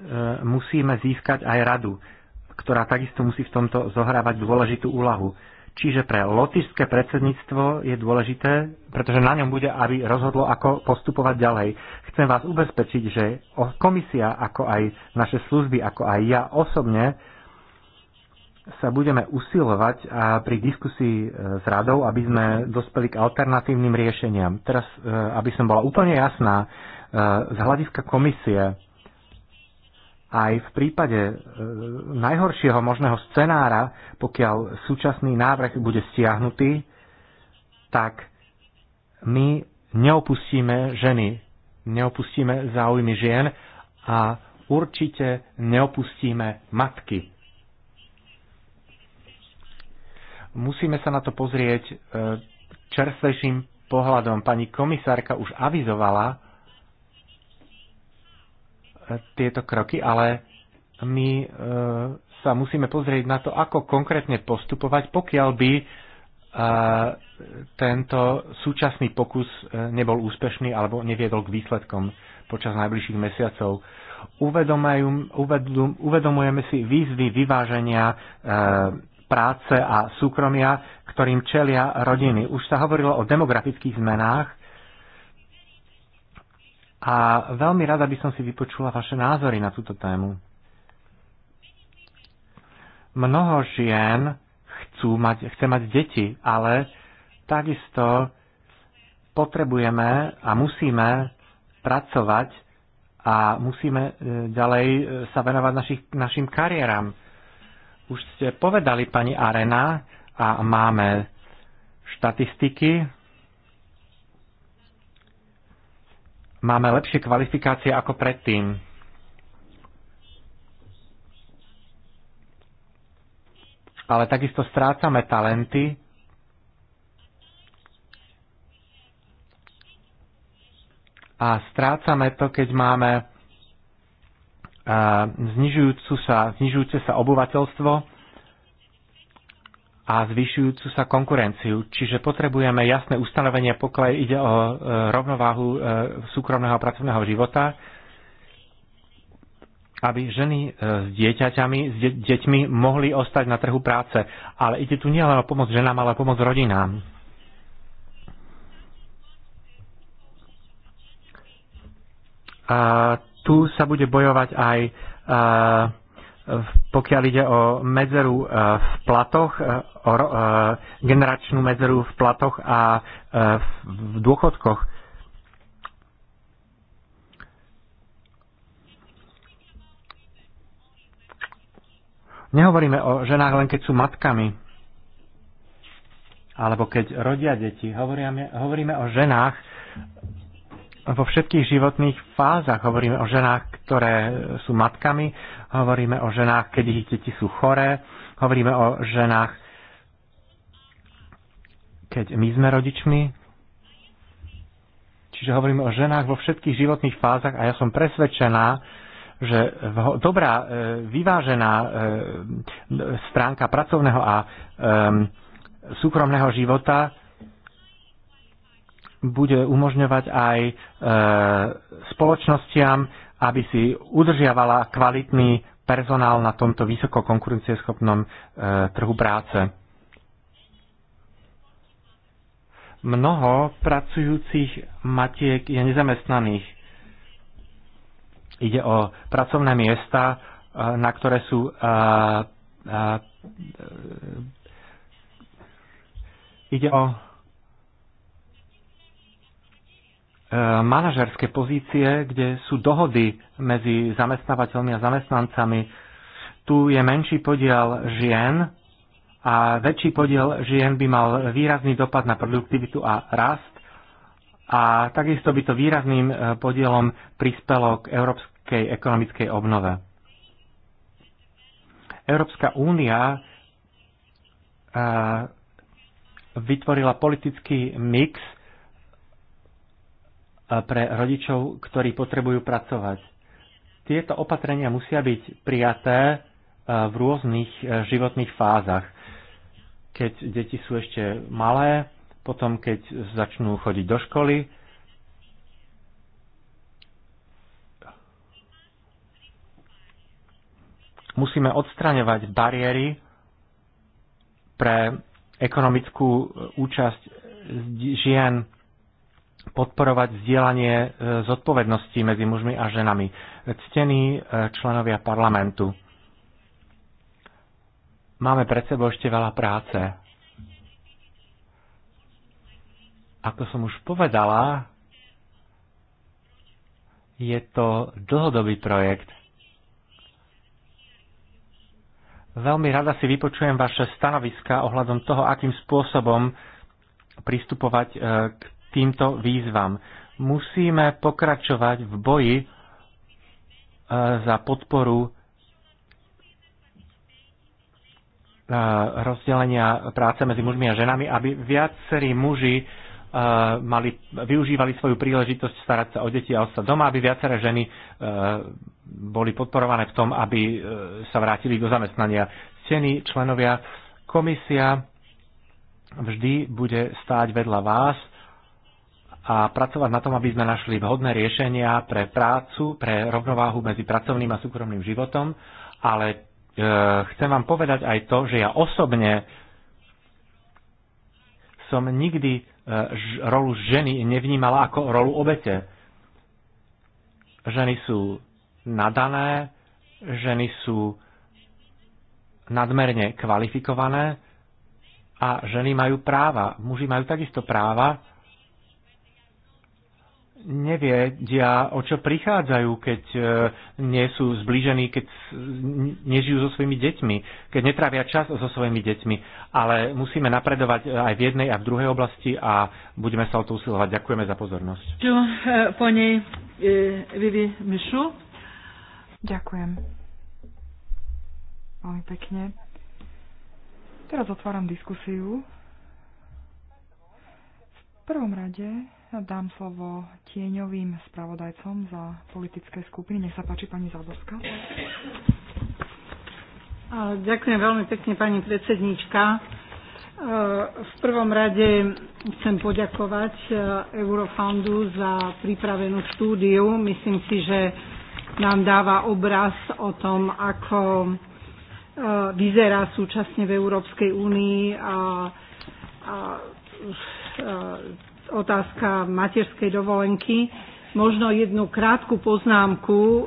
musíme získať aj radu, ktorá takisto musí v tomto zohrávať dôležitú úlahu. Čiže pre lotišské predsedníctvo je dôležité, pretože na ňom bude, aby rozhodlo, ako postupovať ďalej. Chcem vás ubezpečiť, že komisia, ako aj naše služby, ako aj ja osobne sa budeme usilovať a pri diskusii e, s radou, aby sme dospeli k alternatívnym riešeniam. Teraz, e, aby som bola úplne jasná, e, z hľadiska komisie aj v prípade najhoršieho možného scenára, pokiaľ súčasný návrh bude stiahnutý, tak my neopustíme ženy, neopustíme záujmy žien a určite neopustíme matky Musíme sa na to pozrieť e, čerstvejším pohľadom. Pani komisárka už avizovala e, tieto kroky, ale my e, sa musíme pozrieť na to, ako konkrétne postupovať, pokiaľ by tento súčasný pokus nebol úspešný alebo neviedol k výsledkom počas najbližších mesiacov. Uvedomujeme si výzvy vyváženia práce a súkromia, ktorým čelia rodiny. Už sa hovorilo o demografických zmenách a veľmi rada by som si vypočula vaše názory na túto tému. Mnoho žien chcú mať, chce mať deti, ale takisto potrebujeme a musíme pracovať a musíme e, ďalej e, sa venovať našich, našim kariéram už ste povedali, pani Arena, a máme štatistiky. Máme lepšie kvalifikácie ako predtým. Ale takisto strácame talenty. A strácame to, keď máme znižujúcu sa, znižujúce sa obyvateľstvo a zvyšujúcu sa konkurenciu. Čiže potrebujeme jasné ustanovenie, pokiaľ ide o e, rovnováhu e, súkromného a pracovného života, aby ženy e, s dieťaťami, s de- deťmi mohli ostať na trhu práce. Ale ide tu nielen o pomoc ženám, ale o pomoc rodinám. A tu sa bude bojovať aj eh, pokiaľ ide o medzeru eh, v platoch, eh, o generačnú medzeru v platoch a v dôchodkoch. Nehovoríme o ženách len keď sú matkami, alebo keď rodia deti. Hovoríme, hovoríme o ženách, vo všetkých životných fázach. Hovoríme o ženách, ktoré sú matkami, hovoríme o ženách, keď ich deti sú choré, hovoríme o ženách, keď my sme rodičmi. Čiže hovoríme o ženách vo všetkých životných fázach a ja som presvedčená, že dobrá, e, vyvážená e, stránka pracovného a e, súkromného života bude umožňovať aj e, spoločnostiam, aby si udržiavala kvalitný personál na tomto vysoko konkurencieschopnom e, trhu práce. Mnoho pracujúcich matiek je nezamestnaných. Ide o pracovné miesta, e, na ktoré sú e, e, e ide o E, manažerské pozície, kde sú dohody medzi zamestnávateľmi a zamestnancami. Tu je menší podiel žien a väčší podiel žien by mal výrazný dopad na produktivitu a rast a takisto by to výrazným e, podielom prispelo k európskej ekonomickej obnove. Európska únia e, vytvorila politický mix pre rodičov, ktorí potrebujú pracovať. Tieto opatrenia musia byť prijaté e, v rôznych e, životných fázach. Keď deti sú ešte malé, potom keď začnú chodiť do školy, musíme odstraňovať bariéry pre ekonomickú e, účasť žien podporovať vzdielanie e, zodpovedností medzi mužmi a ženami. Ctení e, členovia parlamentu, máme pred sebou ešte veľa práce. Ako som už povedala, je to dlhodobý projekt. Veľmi rada si vypočujem vaše stanoviska ohľadom toho, akým spôsobom pristupovať e, k týmto výzvam. Musíme pokračovať v boji e, za podporu e, rozdelenia práce medzi mužmi a ženami, aby viacerí muži e, mali, využívali svoju príležitosť starať sa o deti a ostať doma, aby viaceré ženy boli podporované v tom, aby sa vrátili do zamestnania. Ctení členovia, komisia vždy bude stáť vedľa vás a pracovať na tom, aby sme našli vhodné riešenia pre prácu, pre rovnováhu medzi pracovným a súkromným životom, ale e, chcem vám povedať aj to, že ja osobne som nikdy e, ž, rolu ženy nevnímala ako rolu obete. Ženy sú nadané, ženy sú nadmerne kvalifikované a ženy majú práva. Muži majú takisto práva nevedia, o čo prichádzajú, keď e, nie sú zblížení, keď nežijú so svojimi deťmi, keď netravia čas so svojimi deťmi. Ale musíme napredovať e, aj v jednej a v druhej oblasti a budeme sa o to usilovať. Ďakujeme za pozornosť. E, Ďakujem. Veľmi pekne. Teraz otváram diskusiu. V prvom rade Dám slovo tieňovým spravodajcom za politické skupiny. Nech sa páči pani Záborská. Ďakujem veľmi pekne, pani predsednička. E, v prvom rade chcem poďakovať e, Eurofoundu za pripravenú štúdiu. Myslím si, že nám dáva obraz o tom, ako e, vyzerá súčasne v Európskej únii a otázka materskej dovolenky. Možno jednu krátku poznámku e,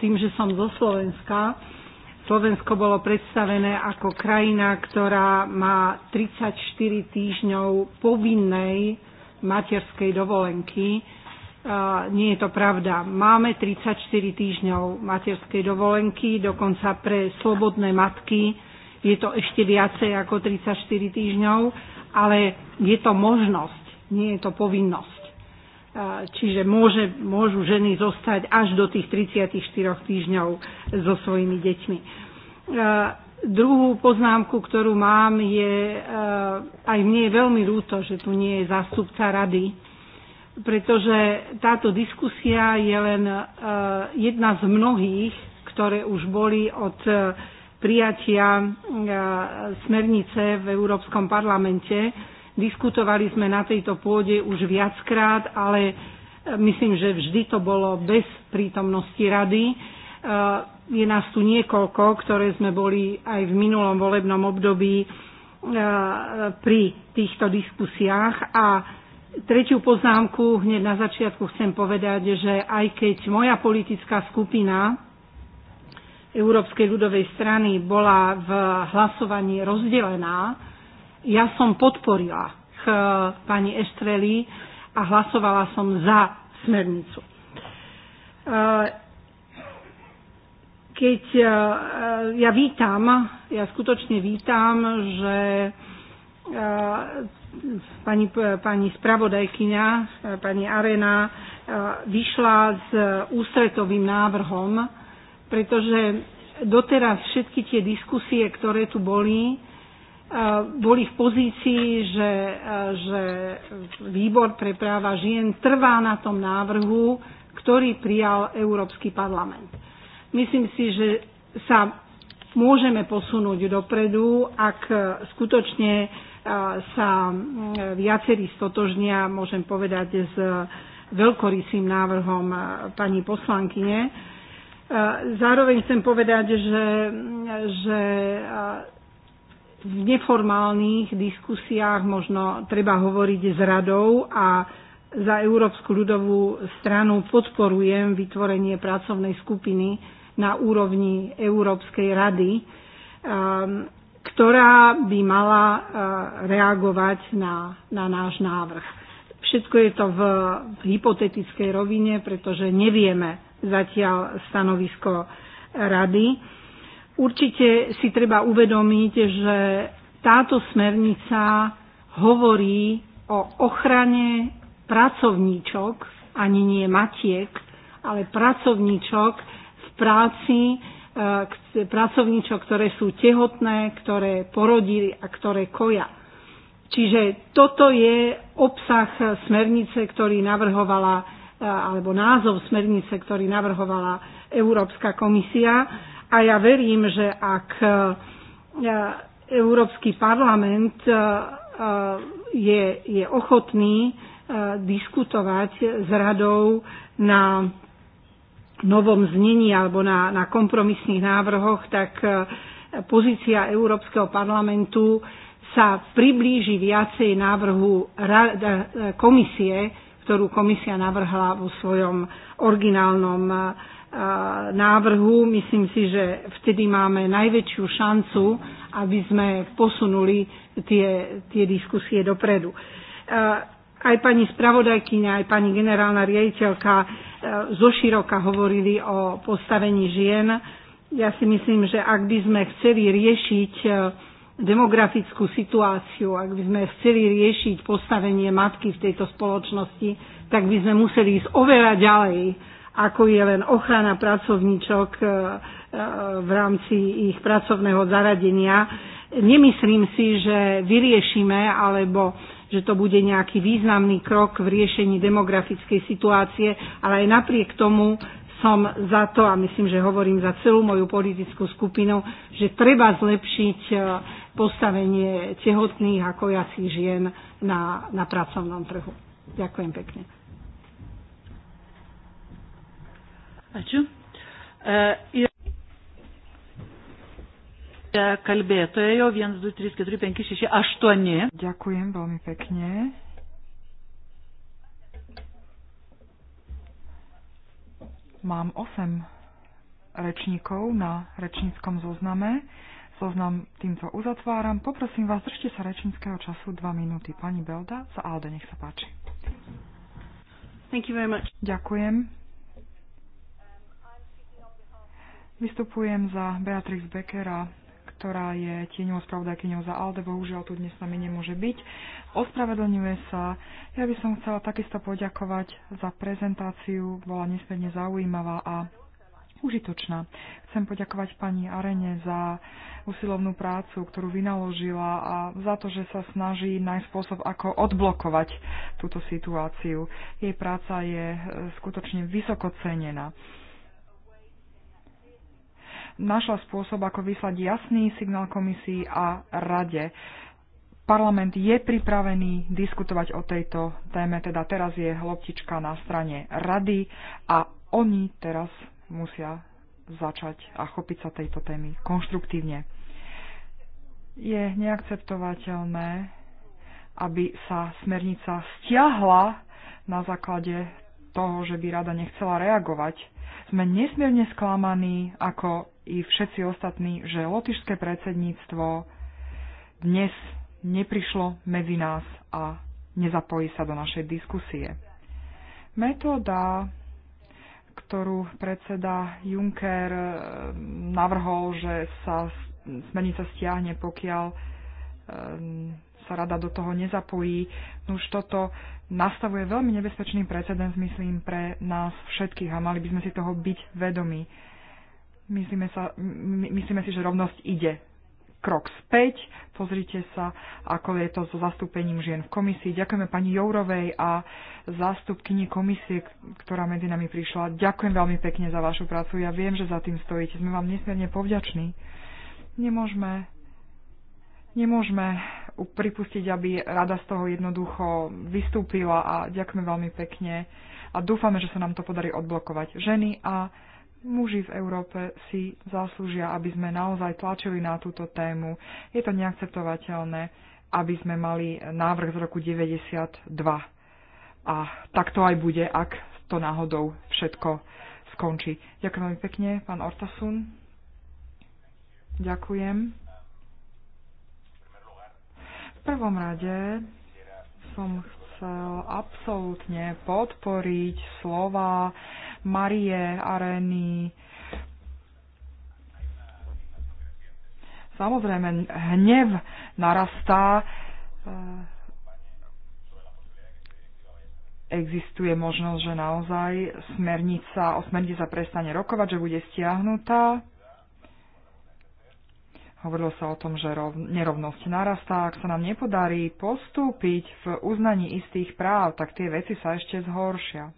tým, že som zo Slovenska. Slovensko bolo predstavené ako krajina, ktorá má 34 týždňov povinnej materskej dovolenky. E, nie je to pravda. Máme 34 týždňov materskej dovolenky, dokonca pre slobodné matky je to ešte viacej ako 34 týždňov, ale je to možnosť nie je to povinnosť. E, čiže môže, môžu ženy zostať až do tých 34 týždňov so svojimi deťmi. E, druhú poznámku, ktorú mám, je, e, aj mne je veľmi rúto, že tu nie je zástupca rady, pretože táto diskusia je len jedna z mnohých, ktoré už boli od prijatia smernice v Európskom parlamente Diskutovali sme na tejto pôde už viackrát, ale e, myslím, že vždy to bolo bez prítomnosti rady. E, je nás tu niekoľko, ktoré sme boli aj v minulom volebnom období e, pri týchto diskusiách a Tretiu poznámku hneď na začiatku chcem povedať, že aj keď moja politická skupina Európskej ľudovej strany bola v hlasovaní rozdelená, ja som podporila k pani Estreli a hlasovala som za smernicu. E, keď e, e, ja vítam, ja skutočne vítam, že pani, pani spravodajkyňa, pani Arena, vyšla s ústretovým návrhom, pretože doteraz všetky tie diskusie, ktoré tu boli, boli v pozícii, že, že výbor pre práva žien trvá na tom návrhu, ktorý prijal Európsky parlament. Myslím si, že sa môžeme posunúť dopredu, ak skutočne sa viacerí stotožnia, môžem povedať, s veľkorysým návrhom pani poslankyne. Zároveň chcem povedať, že, že v neformálnych diskusiách možno treba hovoriť s radou a za Európsku ľudovú stranu podporujem vytvorenie pracovnej skupiny na úrovni Európskej rady, um, ktorá by mala uh, reagovať na, na náš návrh. Všetko je to v, v hypotetickej rovine, pretože nevieme zatiaľ stanovisko rady Určite si treba uvedomiť, že táto smernica hovorí o ochrane pracovníčok, ani nie matiek, ale pracovníčok v práci, e, pracovníčok, ktoré sú tehotné, ktoré porodili a ktoré koja. Čiže toto je obsah smernice, ktorý navrhovala, e, alebo názov smernice, ktorý navrhovala Európska komisia a ja verím, že ak e, e, Európsky parlament e, je, je ochotný diskutovať s radou na novom znení alebo na, na kompromisných návrhoch, tak pozícia Európskeho parlamentu sa priblíži viacej návrhu komisie, ktorú komisia navrhla vo svojom originálnom návrhu, myslím si, že vtedy máme najväčšiu šancu, aby sme posunuli tie, tie diskusie dopredu. Aj pani spravodajkyňa, aj pani generálna riaditeľka e, zoširoka hovorili o postavení žien. Ja si myslím, že ak by sme chceli riešiť e, demografickú situáciu, ak by sme chceli riešiť postavenie matky v tejto spoločnosti, tak by sme museli ísť oveľa ďalej ako je len ochrana pracovníčok e, e, v rámci ich pracovného zaradenia. Nemyslím si, že vyriešime alebo že to bude nejaký významný krok v riešení demografickej situácie, ale aj napriek tomu som za to, a myslím, že hovorím za celú moju politickú skupinu, že treba zlepšiť e, postavenie tehotných a kojacích žien na, na pracovnom trhu. Ďakujem pekne. Ačiū. E, ir kalbėtoje jau 1, 2, 3, 4, 5, 6, 8. Ďakujem veľmi pekne. Mám 8 rečníkov na rečníckom zozname. Zoznam týmto uzatváram. Poprosím vás, držte sa rečníckého času 2 minúty. Pani Belda za Alde, nech sa páči. Thank you very much. Ďakujem. Vystupujem za Beatrix Beckera, ktorá je tieňou spravodajkyňou za ALDE, bohužiaľ tu dnes s nami nemôže byť. Ospravedlňuje sa. Ja by som chcela takisto poďakovať za prezentáciu, bola nesmierne zaujímavá a užitočná. Chcem poďakovať pani Arene za usilovnú prácu, ktorú vynaložila a za to, že sa snaží nájsť spôsob, ako odblokovať túto situáciu. Jej práca je e, skutočne vysoko cenená našla spôsob, ako vyslať jasný signál komisii a rade. Parlament je pripravený diskutovať o tejto téme, teda teraz je loptička na strane rady a oni teraz musia začať a chopiť sa tejto témy konštruktívne. Je neakceptovateľné, aby sa smernica stiahla na základe toho, že by rada nechcela reagovať. Sme nesmierne sklamaní ako i všetci ostatní, že lotišské predsedníctvo dnes neprišlo medzi nás a nezapojí sa do našej diskusie. Metóda, ktorú predseda Juncker eh, navrhol, že sa smernica stiahne, pokiaľ eh, sa rada do toho nezapojí. už toto nastavuje veľmi nebezpečný precedens, myslím, pre nás všetkých a mali by sme si toho byť vedomi. Myslíme, sa, my, myslíme si, že rovnosť ide krok späť. Pozrite sa, ako je to so zastúpením žien v komisii. Ďakujeme pani Jourovej a zástupkyni komisie, ktorá medzi nami prišla. Ďakujem veľmi pekne za vašu prácu. Ja viem, že za tým stojíte. Sme vám nesmierne povďační. Nemôžeme, nemôžeme pripustiť, aby rada z toho jednoducho vystúpila a ďakujeme veľmi pekne a dúfame, že sa nám to podarí odblokovať. Ženy a muži v Európe si zaslúžia, aby sme naozaj tlačili na túto tému. Je to neakceptovateľné, aby sme mali návrh z roku 92. A tak to aj bude, ak to náhodou všetko skončí. Ďakujem veľmi pekne, pán Ortasun. Ďakujem. V prvom rade som chcel absolútne podporiť slova Marie Areny. Samozrejme, hnev narastá. Existuje možnosť, že naozaj smernica, o smernici sa prestane rokovať, že bude stiahnutá. Hovorilo sa o tom, že rov, nerovnosť narastá. Ak sa nám nepodarí postúpiť v uznaní istých práv, tak tie veci sa ešte zhoršia.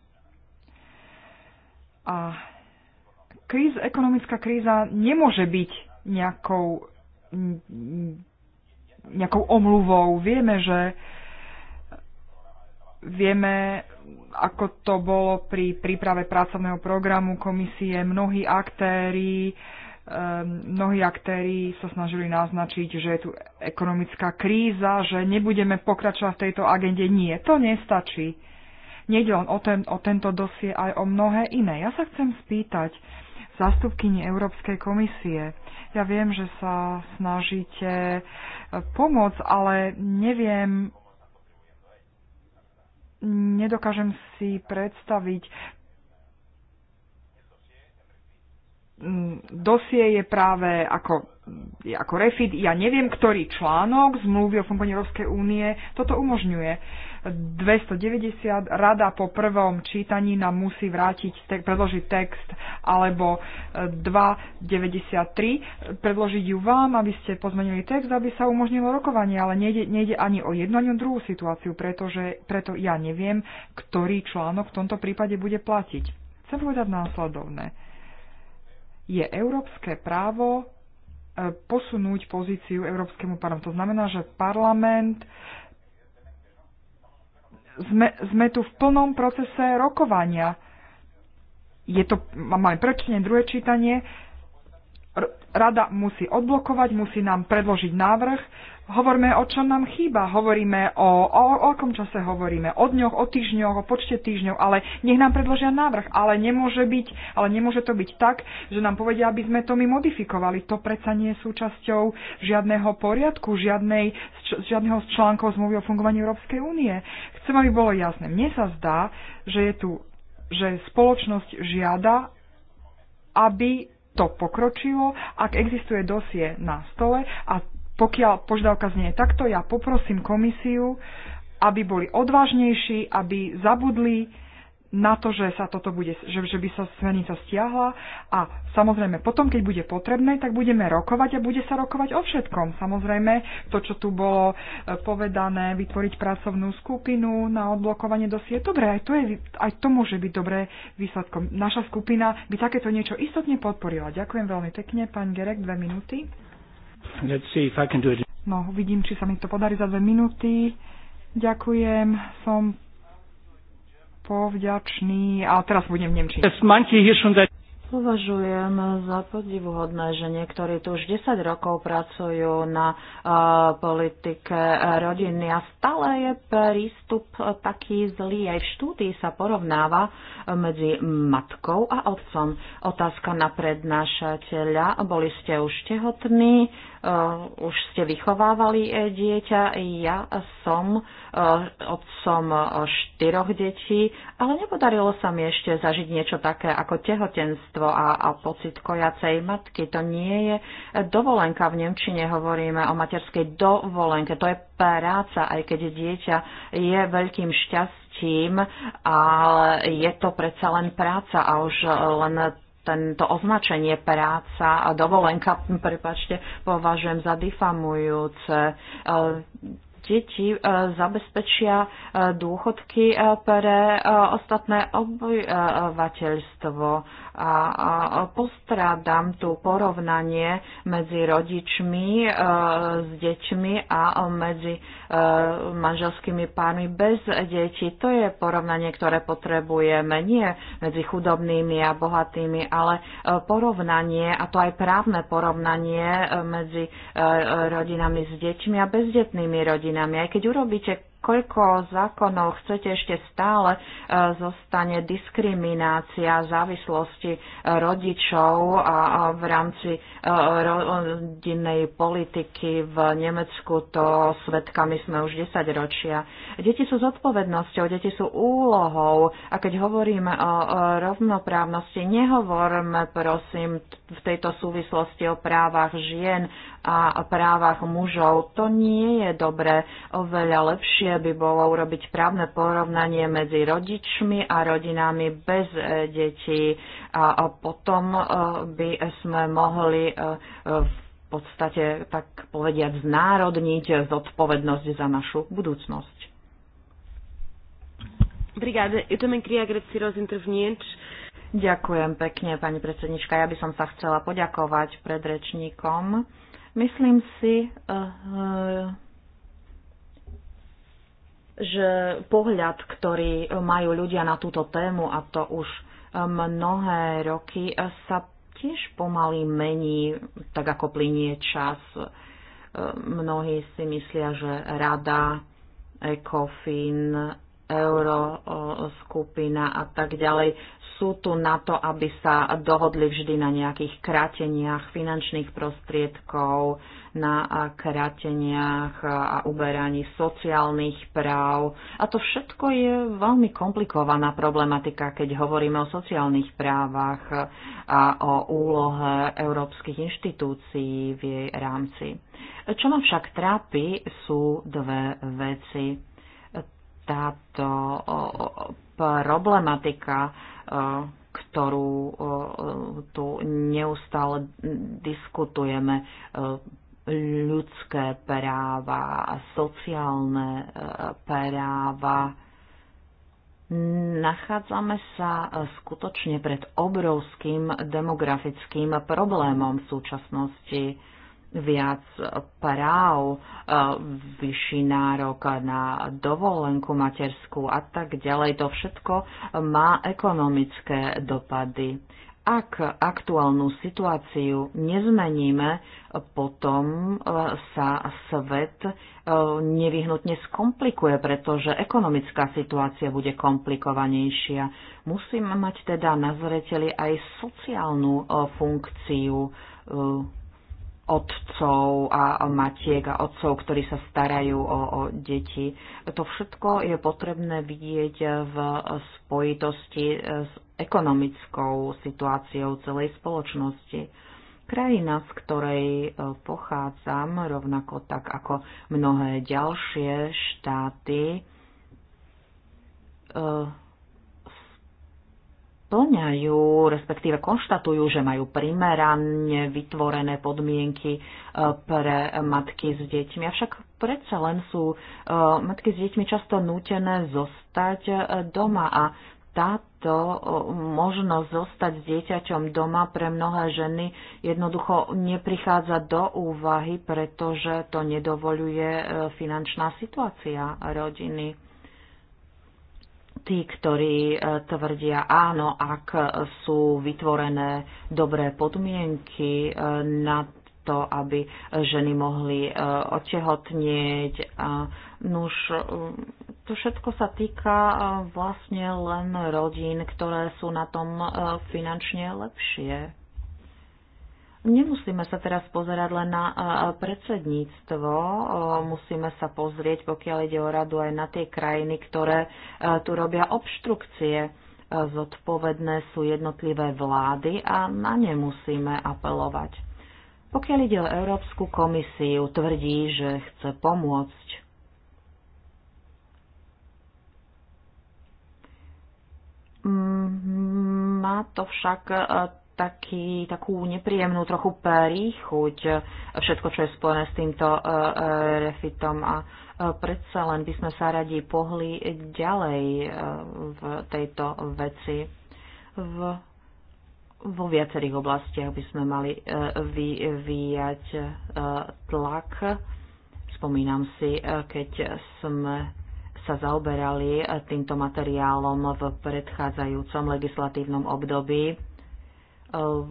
A kríz, ekonomická kríza nemôže byť nejakou, nejakou omluvou. Vieme, že vieme, ako to bolo pri príprave pracovného programu komisie. Mnohí aktéry, ehm, mnohí aktéri sa snažili naznačiť, že je tu ekonomická kríza, že nebudeme pokračovať v tejto agende. Nie, to nestačí Nejde len o, ten, o tento dosie, aj o mnohé iné. Ja sa chcem spýtať zastupkyni Európskej komisie. Ja viem, že sa snažíte eh, pomôcť, ale neviem, nedokážem si predstaviť, Mm, dosie je práve ako, ako refit. Ja neviem, ktorý článok zmluvy o fungovaní Európskej únie toto umožňuje. 290 rada po prvom čítaní nám musí vrátiť, tek, predložiť text, alebo 293 e, predložiť ju vám, aby ste pozmenili text, aby sa umožnilo rokovanie, ale nejde, nejde ani o jednu, ani o druhú situáciu, pretože preto ja neviem, ktorý článok v tomto prípade bude platiť. Chcem povedať následovné je európske právo e, posunúť pozíciu Európskemu parlamentu. To znamená, že parlament sme, sme tu v plnom procese rokovania. Je to, máme prečne druhé čítanie. Rada musí odblokovať, musí nám predložiť návrh hovoríme, o čo nám chýba. Hovoríme o, o, o akom čase hovoríme. O dňoch, o týždňoch, o počte týždňov. Ale nech nám predložia návrh. Ale nemôže, byť, ale nemôže to byť tak, že nám povedia, aby sme to my modifikovali. To predsa nie je súčasťou žiadneho poriadku, žiadnej, žiadneho z článkov zmluvy o fungovaní Európskej únie. Chcem, aby bolo jasné. Mne sa zdá, že je tu že spoločnosť žiada, aby to pokročilo, ak existuje dosie na stole a pokiaľ požiadavka znie takto, ja poprosím komisiu, aby boli odvážnejší, aby zabudli na to, že sa toto bude, že, že by sa smernica stiahla a samozrejme potom, keď bude potrebné, tak budeme rokovať a bude sa rokovať o všetkom. Samozrejme, to, čo tu bolo e, povedané, vytvoriť pracovnú skupinu na odblokovanie dosie, dobre, aj to, je, aj to môže byť dobré výsledkom. Naša skupina by takéto niečo istotne podporila. Ďakujem veľmi pekne, pán Gerek, dve minúty. Let's see if I can do it. No, vidím, či sa mi to podarí za dve minúty. Ďakujem, som povďačný a teraz budem v Nemčine. Považujem za podivuhodné, že niektorí tu už 10 rokov pracujú na uh, politike rodiny a stále je prístup taký zlý. Aj v štúdii sa porovnáva medzi matkou a otcom. Otázka na prednášateľa. Boli ste už tehotní? Eh, už ste vychovávali eh, dieťa. Ja som eh, otcom štyroch detí, ale nepodarilo sa mi ešte zažiť niečo také ako tehotenstvo a, a pocit kojacej matky. To nie je dovolenka. V Nemčine hovoríme o materskej dovolenke. To je práca, aj keď dieťa je veľkým šťastím ale je to predsa len práca a už len tento označenie práca a dovolenka, prepačte, považujem za difamujúce e, deti e, zabezpečia e, dôchodky pre ostatné obyvateľstvo a, postrádam tu porovnanie medzi rodičmi e, s deťmi a medzi e, manželskými pármi bez detí. To je porovnanie, ktoré potrebujeme nie medzi chudobnými a bohatými, ale e, porovnanie, a to aj právne porovnanie medzi rodinami s deťmi a bezdetnými rodinami. Aj keď urobíte koľko zákonov chcete ešte stále e, zostane diskriminácia závislosti e, rodičov a v rámci e, rodinnej politiky v Nemecku to svetkami sme už 10 ročia. Deti sú zodpovednosťou, deti sú úlohou a keď hovoríme o rovnoprávnosti, nehovorme prosím v tejto súvislosti o právach žien a právach mužov. To nie je dobré. Oveľa lepšie Lepšie by bolo urobiť právne porovnanie medzi rodičmi a rodinami bez e, detí a potom e, by sme mohli e, v podstate, tak povediať, znárodniť zodpovednosť za našu budúcnosť. Ďakujem pekne, pani predsednička. Ja by som sa chcela poďakovať predrečníkom. Myslím si, uh, že pohľad, ktorý majú ľudia na túto tému, a to už e, mnohé roky, e, sa tiež pomaly mení, tak ako plinie čas. E, mnohí si myslia, že rada, ECOFIN, euroskupina a tak ďalej sú tu na to, aby sa dohodli vždy na nejakých kráteniach finančných prostriedkov, na kráteniach a uberaní sociálnych práv. A to všetko je veľmi komplikovaná problematika, keď hovoríme o sociálnych právach a o úlohe európskych inštitúcií v jej rámci. Čo ma však trápi, sú dve veci. Táto problematika ktorú e, tu neustále diskutujeme. E, ľudské práva, sociálne e, práva. Nachádzame sa skutočne pred obrovským demografickým problémom v súčasnosti viac práv, e, vyšší nárok na dovolenku materskú a tak ďalej. To všetko má ekonomické dopady. Ak aktuálnu situáciu nezmeníme, potom e, sa svet e, nevyhnutne skomplikuje, pretože ekonomická situácia bude komplikovanejšia. Musím mať teda na zreteli aj sociálnu funkciu otcov a matiek a otcov, ktorí sa starajú o, o deti. To všetko je potrebné vidieť v spojitosti s ekonomickou situáciou celej spoločnosti. Krajina, z ktorej e, pochádzam, rovnako tak ako mnohé ďalšie štáty, e, plňajú, respektíve konštatujú, že majú primerane vytvorené podmienky e, pre matky s deťmi. Avšak predsa len sú e, matky s deťmi často nútené zostať e, doma a táto možnosť zostať s dieťaťom doma pre mnohé ženy jednoducho neprichádza do úvahy, pretože to nedovoluje finančná situácia rodiny tí, ktorí e, tvrdia áno, ak sú vytvorené dobré podmienky e, na to, aby ženy mohli e, otehotnieť. Nuž, to všetko sa týka vlastne len rodín, ktoré sú na tom finančne lepšie. Nemusíme sa teraz pozerať len na predsedníctvo, musíme sa pozrieť, pokiaľ ide o radu, aj na tie krajiny, ktoré e, tu robia obštrukcie. E, zodpovedné sú jednotlivé vlády a na ne musíme apelovať. Pokiaľ ide o Európsku komisiu, tvrdí, že chce pomôcť mm, Má to však e, taký, takú nepríjemnú trochu príchuť všetko, čo je spojené s týmto e, e, refitom a e, predsa len by sme sa radi pohli ďalej v tejto veci v, vo viacerých oblastiach by sme mali vyvíjať tlak. Spomínam si, keď sme sa zaoberali týmto materiálom v predchádzajúcom legislatívnom období Eh,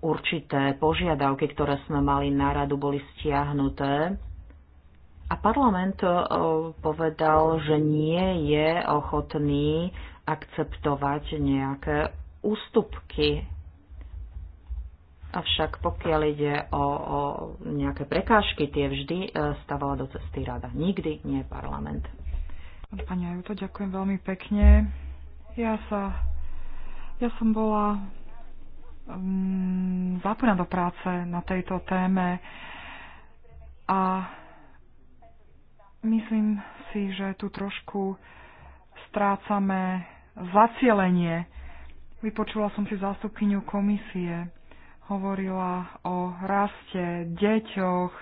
určité požiadavky, ktoré sme mali na radu, boli stiahnuté. A parlament eh, povedal, že nie je ochotný akceptovať nejaké ústupky. Avšak pokiaľ ide o, o nejaké prekážky, tie vždy eh, stavala do cesty rada. Nikdy nie parlament. Pani Ajuto, ďakujem veľmi pekne. Ja sa... Ja som bola Mm, zapojená do práce na tejto téme a myslím si, že tu trošku strácame zacielenie. Vypočula som si zástupkyňu komisie, hovorila o raste, deťoch,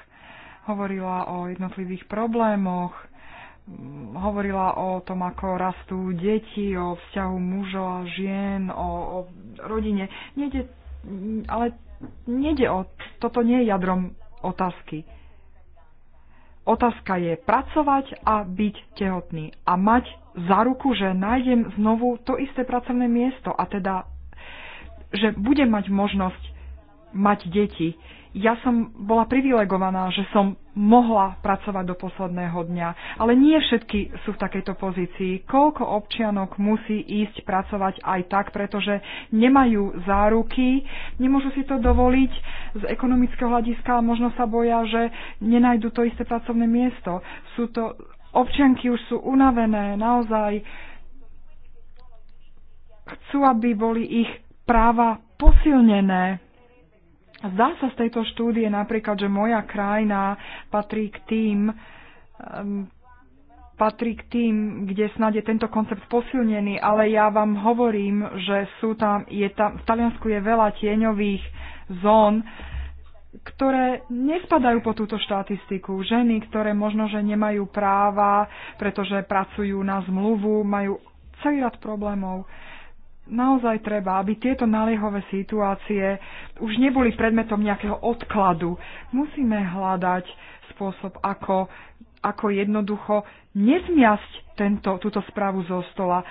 hovorila o jednotlivých problémoch, hovorila o tom, ako rastú deti, o vzťahu mužov a žien, o, o rodine. Nede, ale nede o... Toto nie je jadrom otázky. Otázka je pracovať a byť tehotný a mať za ruku, že nájdem znovu to isté pracovné miesto a teda, že budem mať možnosť mať deti. Ja som bola privilegovaná, že som mohla pracovať do posledného dňa. Ale nie všetky sú v takejto pozícii. Koľko občianok musí ísť pracovať aj tak, pretože nemajú záruky, nemôžu si to dovoliť z ekonomického hľadiska a možno sa boja, že nenajdu to isté pracovné miesto. Sú to, občianky už sú unavené, naozaj chcú, aby boli ich práva posilnené Zdá sa z tejto štúdie napríklad, že moja krajina patrí k tým, um, patrí k tým, kde snad je tento koncept posilnený, ale ja vám hovorím, že sú tam, je tam, v Taliansku je veľa tieňových zón, ktoré nespadajú po túto štatistiku. Ženy, ktoré možno, že nemajú práva, pretože pracujú na zmluvu, majú celý rad problémov naozaj treba, aby tieto naliehové situácie už neboli predmetom nejakého odkladu. Musíme hľadať spôsob, ako, ako jednoducho nezmiasť tento, túto správu zo stola.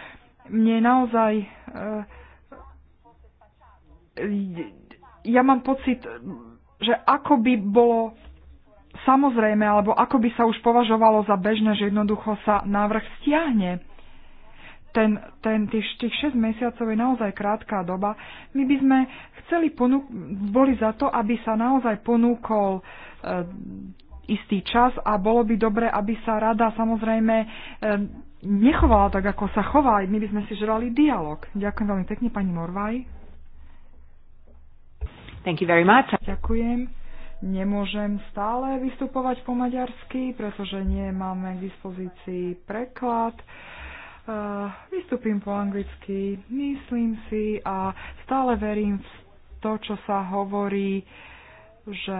Mne naozaj... Eh, ja mám pocit, že ako by bolo samozrejme, alebo ako by sa už považovalo za bežné, že jednoducho sa návrh stiahne ten, ten, tých, tých 6 mesiacov je naozaj krátka doba. My by sme chceli ponúk- boli za to, aby sa naozaj ponúkol e, istý čas a bolo by dobre, aby sa rada samozrejme e, nechovala tak, ako sa chová. My by sme si želali dialog. Ďakujem veľmi pekne, pani Morvaj. Thank you very much. Ďakujem. Nemôžem stále vystupovať po maďarsky, pretože nemáme k dispozícii preklad. Uh, vystupím po anglicky, myslím si a stále verím v to, čo sa hovorí, že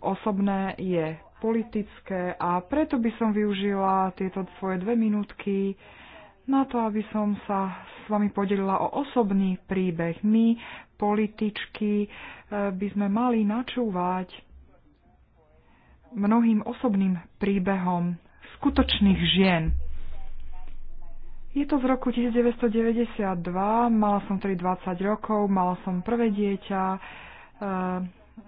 osobné je politické a preto by som využila tieto svoje dve minútky na to, aby som sa s vami podelila o osobný príbeh. My, političky, e, by sme mali načúvať mnohým osobným príbehom skutočných žien. Je to z roku 1992, mala som tedy 20 rokov, mala som prvé dieťa, e,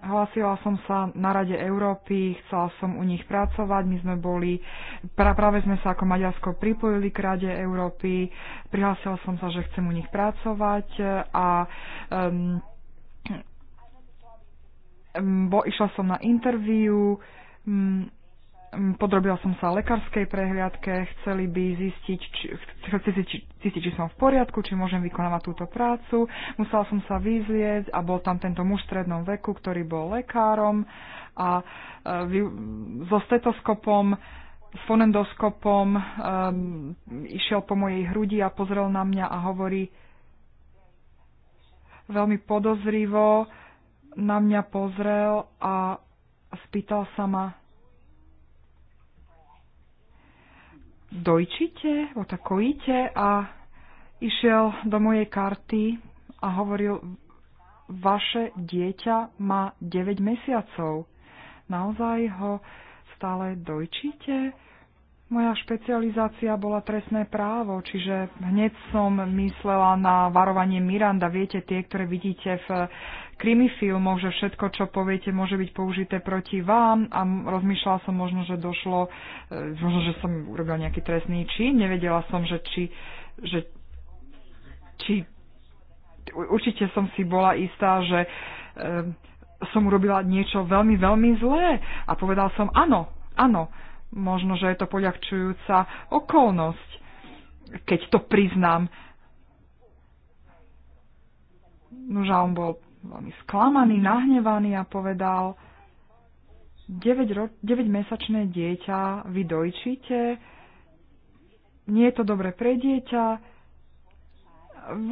hlasila som sa na Rade Európy, chcela som u nich pracovať, my sme boli, pra, práve sme sa ako Maďarsko pripojili k Rade Európy, prihlásila som sa, že chcem u nich pracovať a e, bo, išla som na interviu, mm, Mm, podrobila som sa lekárskej prehliadke, chceli by zistiť, či, chceli zistiť, zistiť, či som v poriadku, či môžem vykonávať túto prácu. Musela som sa vyzlieť a bol tam tento muž v strednom veku, ktorý bol lekárom a e, vy, so stetoskopom s fonendoskopom um, išiel po mojej hrudi a pozrel na mňa a hovorí veľmi podozrivo na mňa pozrel a spýtal sa ma, dojčite, otakojíte a išiel do mojej karty a hovoril, vaše dieťa má 9 mesiacov. Naozaj ho stále dojčíte? Moja špecializácia bola trestné právo, čiže hneď som myslela na varovanie Miranda, viete, tie, ktoré vidíte v krimifilmov, že všetko, čo poviete, môže byť použité proti vám a rozmýšľala som možno, že došlo, e, možno, že som urobil nejaký trestný čin, nevedela som, že či, že, či určite som si bola istá, že e, som urobila niečo veľmi, veľmi zlé a povedal som áno, áno, možno, že je to poľahčujúca okolnosť, keď to priznám. No, on bol veľmi sklamaný, nahnevaný a povedal, 9-mesačné dieťa vy dojčíte, nie je to dobré pre dieťa,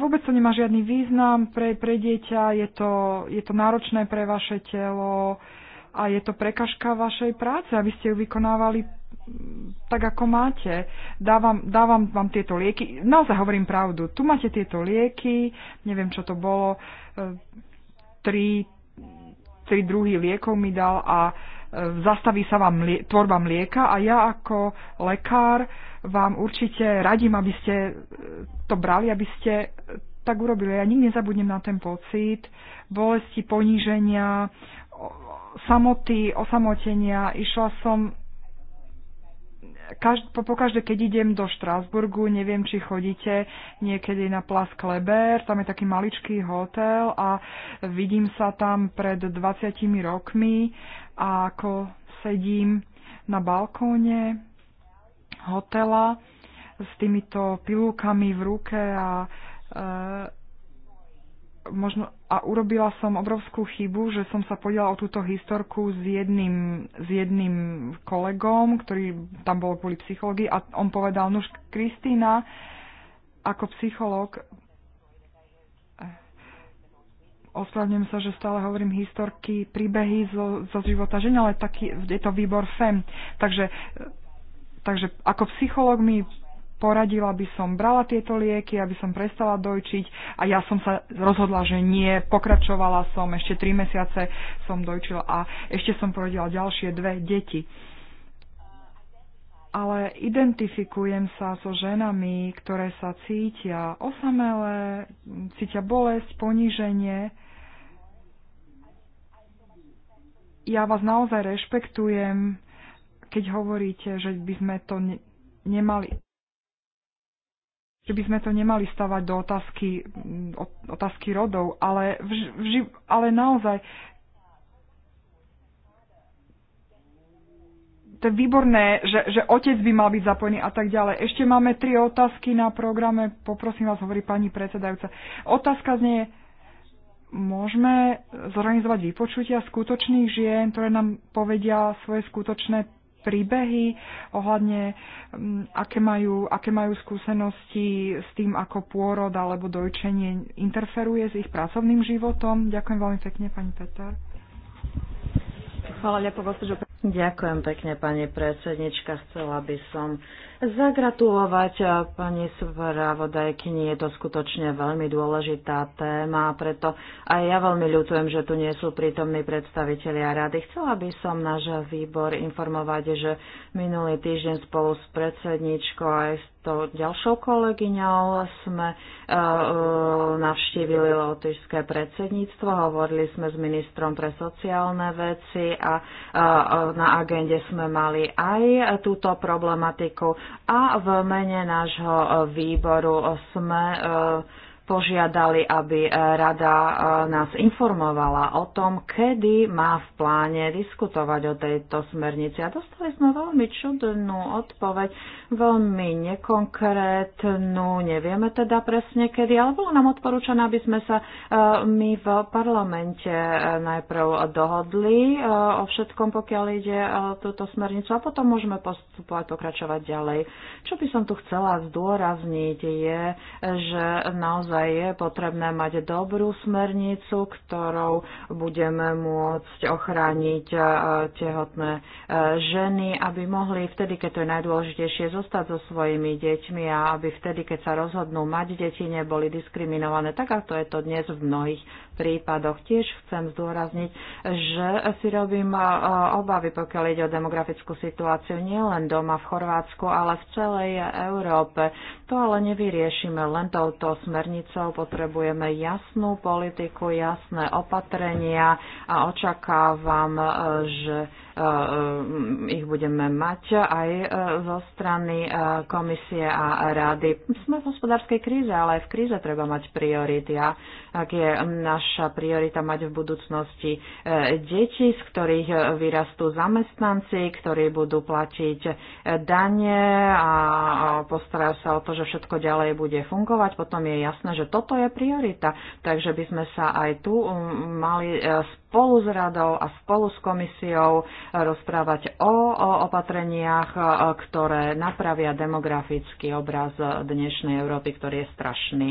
vôbec to nemá žiadny význam pre, pre dieťa, je to, je to náročné pre vaše telo a je to prekažka vašej práce, aby ste ju vykonávali mm, tak, ako máte. Dávam, dávam vám tieto lieky. Naozaj hovorím pravdu. Tu máte tieto lieky, neviem, čo to bolo tri, tri druhy liekov mi dal a e, zastaví sa vám mlie, tvorba mlieka a ja ako lekár vám určite radím, aby ste e, to brali, aby ste tak urobili. Ja nikdy nezabudnem na ten pocit bolesti, poníženia, samoty, osamotenia. Išla som Každ- po, po každé, keď idem do Štrásburgu, neviem, či chodíte niekedy na Plas Kleber, tam je taký maličký hotel a vidím sa tam pred 20 rokmi a ako sedím na balkóne hotela s týmito pilúkami v ruke a e, možno, a urobila som obrovskú chybu, že som sa podiela o túto historku s jedným, s jedným kolegom, ktorý tam bol kvôli psychológii a on povedal, nuž Kristína, ako psychológ, eh, ospravňujem sa, že stále hovorím historky, príbehy zo, zo života ženy, ale taký, je to výbor FEM. Takže, eh, takže ako psychológ mi poradila by som brala tieto lieky, aby som prestala dojčiť a ja som sa rozhodla, že nie. Pokračovala som, ešte tri mesiace som dojčila a ešte som porodila ďalšie dve deti. Ale identifikujem sa so ženami, ktoré sa cítia osamelé, cítia bolesť, poníženie. Ja vás naozaj rešpektujem, keď hovoríte, že by sme to nemali že by sme to nemali stavať do otázky, mm, otázky rodov, ale, v, v, ale naozaj to je výborné, že, že otec by mal byť zapojený a tak ďalej. Ešte máme tri otázky na programe. Poprosím vás, hovorí pani predsedajúca. Otázka znie, môžeme zorganizovať vypočutia skutočných žien, ktoré nám povedia svoje skutočné príbehy ohľadne, mm, aké majú, aké majú skúsenosti s tým, ako pôrod alebo dojčenie interferuje s ich pracovným životom. Ďakujem veľmi pekne, pani Peter. Hvala lijepo, gospođo Ďakujem pekne, pani predsednička. Chcela by som zagratulovať eh, pani spravodajkyni. Je to skutočne veľmi dôležitá téma, preto aj ja veľmi ľutujem, že tu nie sú prítomní predstavitelia rady. Chcela by som náš výbor informovať, že minulý týždeň spolu s predsedničkou aj s tou ďalšou kolegyňou sme uh, navštívili lotyšské predsedníctvo, hovorili sme s ministrom pre sociálne veci a uh, na agende sme mali aj túto problematiku a v mene nášho výboru sme e, požiadali, aby e, rada e, nás informovala o tom, kedy má v pláne diskutovať o tejto smernici. A dostali sme veľmi čudnú odpoveď, veľmi nekonkrétnu, nevieme teda presne kedy, ale bolo nám odporúčané, aby sme sa e, my v parlamente najprv dohodli o všetkom, pokiaľ ide o túto smernicu a potom môžeme postupovať, pokračovať ďalej. Čo by som tu chcela zdôrazniť je, že naozaj naozaj je potrebné mať dobrú smernicu, ktorou budeme môcť ochrániť e, tehotné e, ženy, aby mohli vtedy, keď to je najdôležitejšie, zostať so svojimi deťmi a aby vtedy, keď sa rozhodnú mať deti, neboli diskriminované, tak ako je to dnes v mnohých prípadoch. Tiež chcem zdôrazniť, že si robím e, obavy, pokiaľ ide o demografickú situáciu nielen doma v Chorvátsku, ale v celej Európe. To ale nevyriešime len touto smernicou hranicou, potrebujeme jasnú politiku, jasné opatrenia a očakávam, že E, ich budeme mať aj e, zo strany e, komisie a rády. Sme v hospodárskej kríze, ale aj v kríze treba mať priority. A ak je naša priorita mať v budúcnosti deti, z ktorých vyrastú zamestnanci, ktorí budú platiť dane a postarajú sa o to, že všetko ďalej bude fungovať, potom je jasné, že toto je priorita. Takže by sme sa aj tu mali spolu s radou a spolu s komisiou rozprávať o, o opatreniach, e, ktoré napravia demografický obraz dnešnej Európy, ktorý je strašný.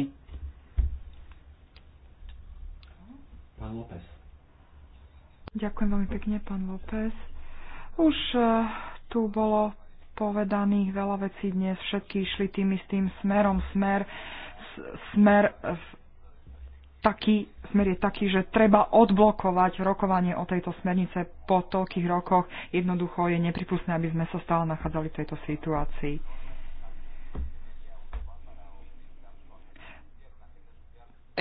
Pán López. Ďakujem veľmi pekne, pán López. Už e, tu bolo povedaných veľa vecí dnes, všetky išli tým istým smerom, smer, smer v taký, smer je taký, že treba odblokovať rokovanie o tejto smernice po toľkých rokoch. Jednoducho je nepripustné, aby sme sa stále nachádzali v tejto situácii.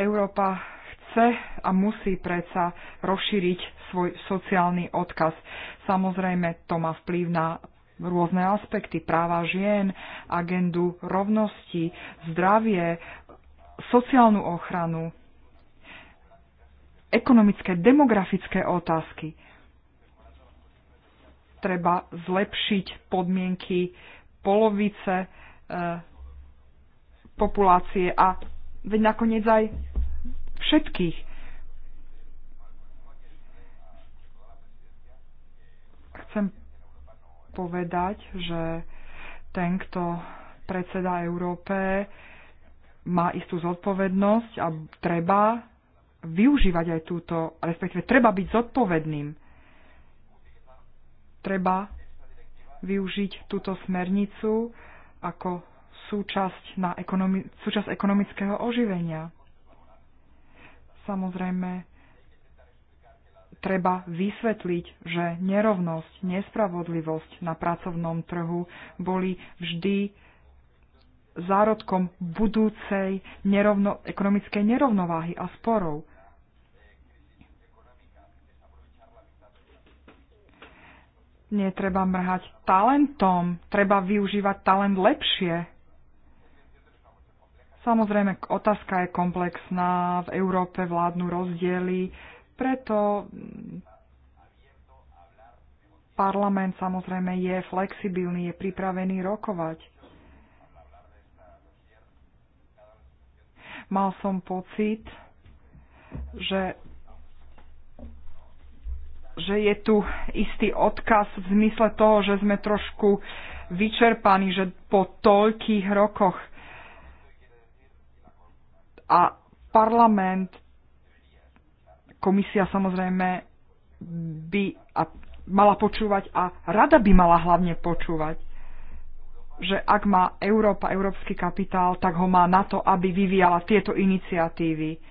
Európa chce a musí predsa rozšíriť svoj sociálny odkaz. Samozrejme, to má vplyv na rôzne aspekty práva žien, agendu rovnosti, zdravie, sociálnu ochranu, ekonomické, demografické otázky. Treba zlepšiť podmienky polovice e, populácie a veď nakoniec aj všetkých. Chcem povedať, že ten, kto predseda Európe, má istú zodpovednosť a treba využívať aj túto, respektíve treba byť zodpovedným. Treba využiť túto smernicu ako súčasť, na ekonomi- súčasť ekonomického oživenia. Samozrejme, treba vysvetliť, že nerovnosť, nespravodlivosť na pracovnom trhu boli vždy zárodkom budúcej nerovno, ekonomickej nerovnováhy a sporov. netreba mrhať talentom, treba využívať talent lepšie. Samozrejme, otázka je komplexná, v Európe vládnu rozdiely, preto parlament samozrejme je flexibilný, je pripravený rokovať. Mal som pocit, že že je tu istý odkaz v zmysle toho, že sme trošku vyčerpaní, že po toľkých rokoch a parlament, komisia samozrejme by a mala počúvať a rada by mala hlavne počúvať, že ak má Európa európsky kapitál, tak ho má na to, aby vyvíjala tieto iniciatívy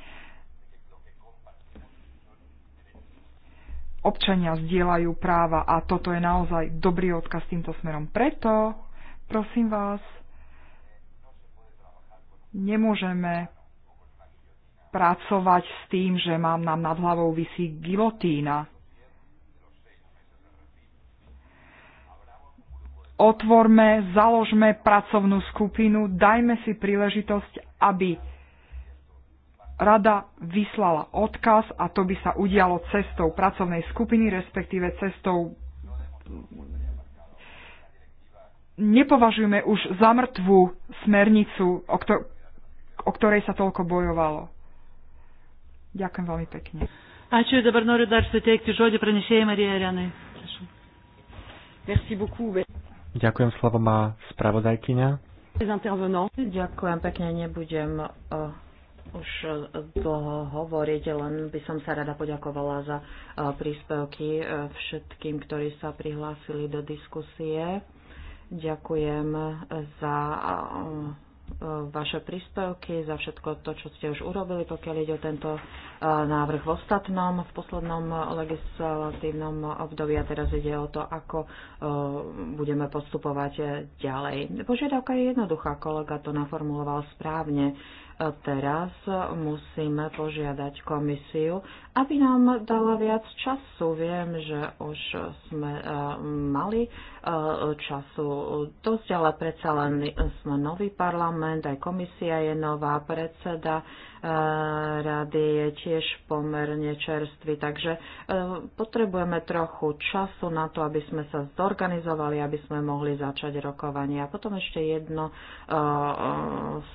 občania zdieľajú práva a toto je naozaj dobrý odkaz týmto smerom. Preto, prosím vás, nemôžeme pracovať s tým, že mám nám nad hlavou vysí gilotína. Otvorme, založme pracovnú skupinu, dajme si príležitosť, aby Rada vyslala odkaz a to by sa udialo cestou pracovnej skupiny, respektíve cestou nepovažujeme už za mŕtvú smernicu, o, ktor- o ktorej sa toľko bojovalo. Ďakujem veľmi pekne. Ačiū, dabar noriu dar suteikti žodį pranešėjai Marijai Arenai. Merci beaucoup. Ďakujem, slovo má spravodajkyňa. Ďakujem pekne, nebudem uh už e, dlho hovoriť, len by som sa rada poďakovala za e, príspevky e, všetkým, ktorí sa prihlásili do diskusie. Ďakujem za vaše príspevky, za všetko to, čo ste už urobili, pokiaľ ide o tento návrh v ostatnom, v poslednom legislatívnom období a teraz ide o to, ako budeme postupovať ďalej. Požiadavka je jednoduchá, kolega to naformuloval správne teraz musíme požiadať komisiu, aby nám dala viac času. Viem, že už sme eh, mali eh, času dosť, ale predsa len sme nový parlament, aj komisia je nová, predseda eh, rady je tiež pomerne čerstvý, takže potrebujeme trochu času na to, aby sme sa zorganizovali, aby sme mohli začať rokovanie. A potom ešte jedno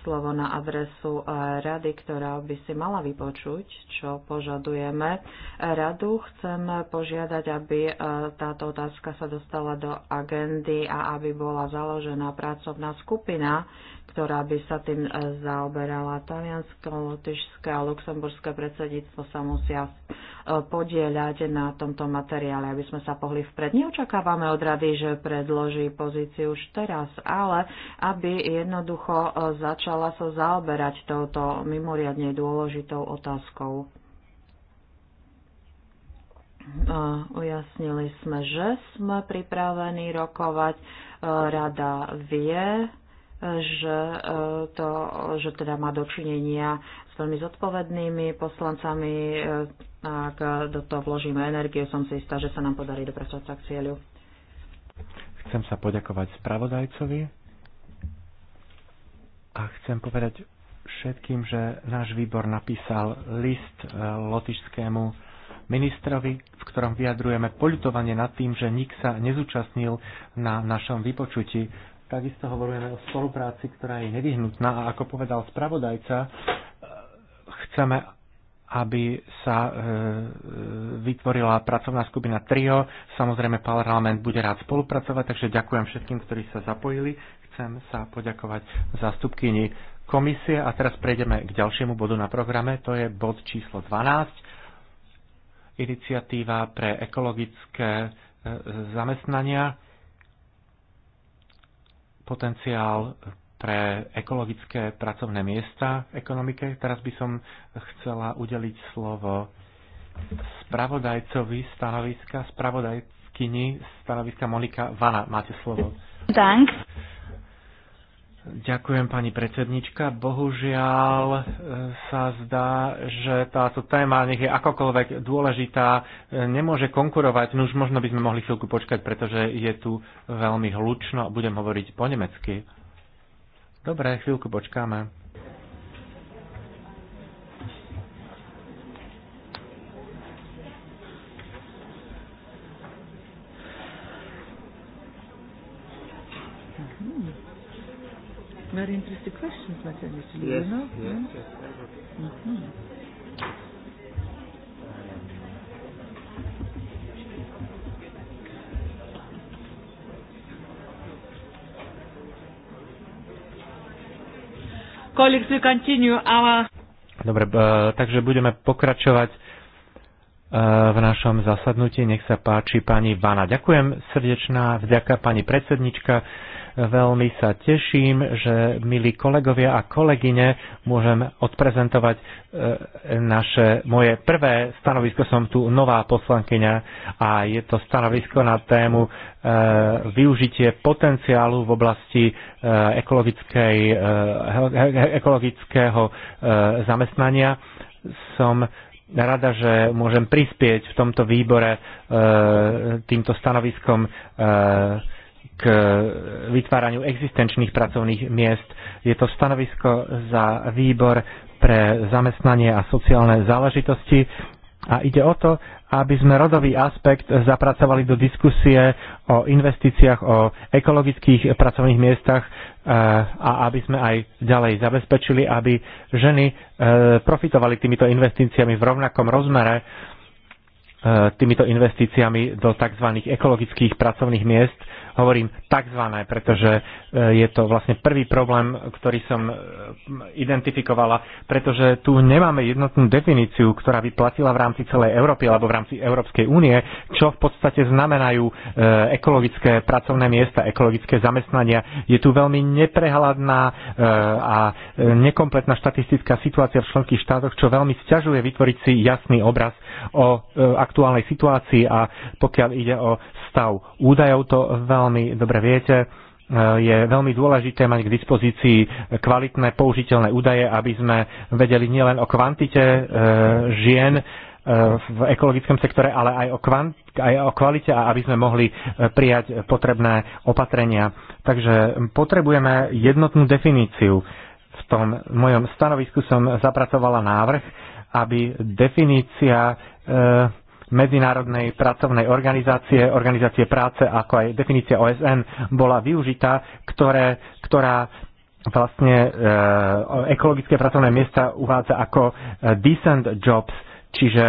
slovo na adresu rady, ktorá by si mala vypočuť, čo požaduje. Ďakujeme radu. Chcem požiadať, aby e, táto otázka sa dostala do agendy a aby bola založená pracovná skupina, ktorá by sa tým e, zaoberala. Taliansko, Lotyšské a Luxemburské predsedníctvo sa musia e, podieľať na tomto materiále, aby sme sa pohli vpred. Neočakávame od rady, že predloží pozíciu už teraz, ale aby jednoducho začala sa zaoberať touto mimoriadne dôležitou otázkou. Ujasnili sme, že sme pripravení rokovať. E, rada vie, e, že, e, to, že teda má dočinenia s veľmi zodpovednými poslancami. Ak do toho vložíme energiu, som si istá, že sa nám podarí dopracovať sa k cieľu. Chcem sa poďakovať spravodajcovi a chcem povedať všetkým, že náš výbor napísal list lotišskému ministrovi, v ktorom vyjadrujeme poľutovanie nad tým, že nik sa nezúčastnil na našom vypočutí. Takisto hovoríme o spolupráci, ktorá je nevyhnutná a ako povedal spravodajca, e, chceme, aby sa e, vytvorila pracovná skupina TRIO. Samozrejme, parlament bude rád spolupracovať, takže ďakujem všetkým, ktorí sa zapojili. Chcem sa poďakovať zástupkyni komisie a teraz prejdeme k ďalšiemu bodu na programe, to je bod číslo 12 iniciatíva pre ekologické e, zamestnania, potenciál pre ekologické pracovné miesta v ekonomike. Teraz by som chcela udeliť slovo spravodajcovi stanoviska, spravodajkyni stanoviska Monika Vana. Máte slovo. Dank. Ďakujem, pani predsednička. Bohužiaľ e, sa zdá, že táto téma, nech je akokoľvek dôležitá, e, nemôže konkurovať. No už možno by sme mohli chvíľku počkať, pretože je tu veľmi hlučno. a Budem hovoriť po nemecky. Dobre, chvíľku počkáme. Very interesting questions, my dear Mr. Lee, yes, you know? Yes, yes, hmm? mm-hmm. Colleagues, we continue our... Dobre, takže budeme pokračovať e, v našom zasadnutí. Nech sa páči pani Vana. Ďakujem srdečná vďaka pani predsednička. Veľmi sa teším, že milí kolegovia a kolegyne môžem odprezentovať e, naše, moje prvé stanovisko. Som tu nová poslankyňa a je to stanovisko na tému e, využitie potenciálu v oblasti e, ekologického zamestnania. Som rada, že môžem prispieť v tomto výbore týmto stanoviskom k vytváraniu existenčných pracovných miest. Je to stanovisko za výbor pre zamestnanie a sociálne záležitosti a ide o to, aby sme rodový aspekt zapracovali do diskusie o investíciách, o ekologických pracovných miestach eh, a aby sme aj ďalej zabezpečili, aby ženy eh, profitovali týmito investíciami v rovnakom rozmere, eh, týmito investíciami do tzv. ekologických pracovných miest Hovorím tzv., pretože e, je to vlastne prvý problém, ktorý som e, identifikovala, pretože tu nemáme jednotnú definíciu, ktorá by platila v rámci celej Európy alebo v rámci Európskej únie, čo v podstate znamenajú e, ekologické pracovné miesta, ekologické zamestnania. Je tu veľmi neprehľadná a nekompletná štatistická situácia v členských štátoch, čo veľmi sťažuje vytvoriť si jasný obraz o e, aktuálnej situácii a pokiaľ ide o stav údajov, to veľmi dobre viete e, je veľmi dôležité mať k dispozícii kvalitné použiteľné údaje, aby sme vedeli nielen o kvantite e, žien v ekologickom sektore, ale aj o, kvant, aj o kvalite a aby sme mohli prijať potrebné opatrenia. Takže potrebujeme jednotnú definíciu. V tom mojom stanovisku som zapracovala návrh, aby definícia e, Medzinárodnej pracovnej organizácie, organizácie práce, ako aj definícia OSN bola využitá, ktoré, ktorá vlastne e, ekologické pracovné miesta uvádza ako e, decent jobs, čiže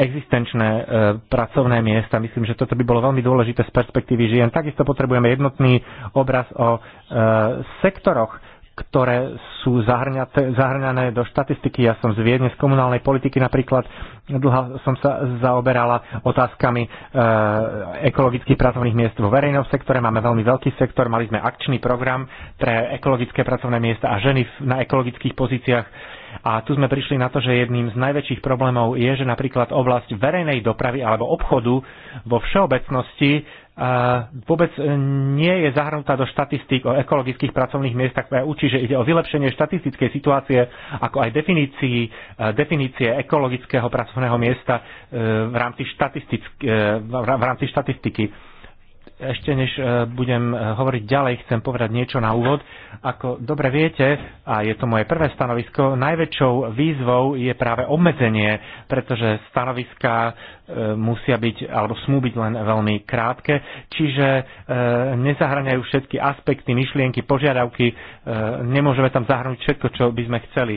existenčné e, pracovné miesta. Myslím, že toto by bolo veľmi dôležité z perspektívy žien. Takisto potrebujeme jednotný obraz o e, sektoroch, ktoré sú zahrňate, zahrňané do štatistiky. Ja som z Viedne z komunálnej politiky napríklad dlho som sa zaoberala otázkami e, ekologických pracovných miest vo verejnom sektore. Máme veľmi veľký sektor, mali sme akčný program pre ekologické pracovné miesta a ženy na ekologických pozíciách. A tu sme prišli na to, že jedným z najväčších problémov je, že napríklad oblasť verejnej dopravy alebo obchodu vo všeobecnosti vôbec e, nie je zahrnutá do štatistík o ekologických pracovných miestach v EU, čiže ide o vylepšenie štatistickej situácie, ako aj definícii, e, definície ekologického pracovného miesta e, v rámci, v rámci štatistiky ešte než e, budem e, hovoriť ďalej, chcem povedať niečo na úvod. Ako dobre viete, a je to moje prvé stanovisko, najväčšou výzvou je práve obmedzenie, pretože stanoviska e, musia byť, alebo smú byť len veľmi krátke, čiže nezahraňajú všetky aspekty, myšlienky, požiadavky, nemôžeme tam zahrnúť všetko, čo by sme chceli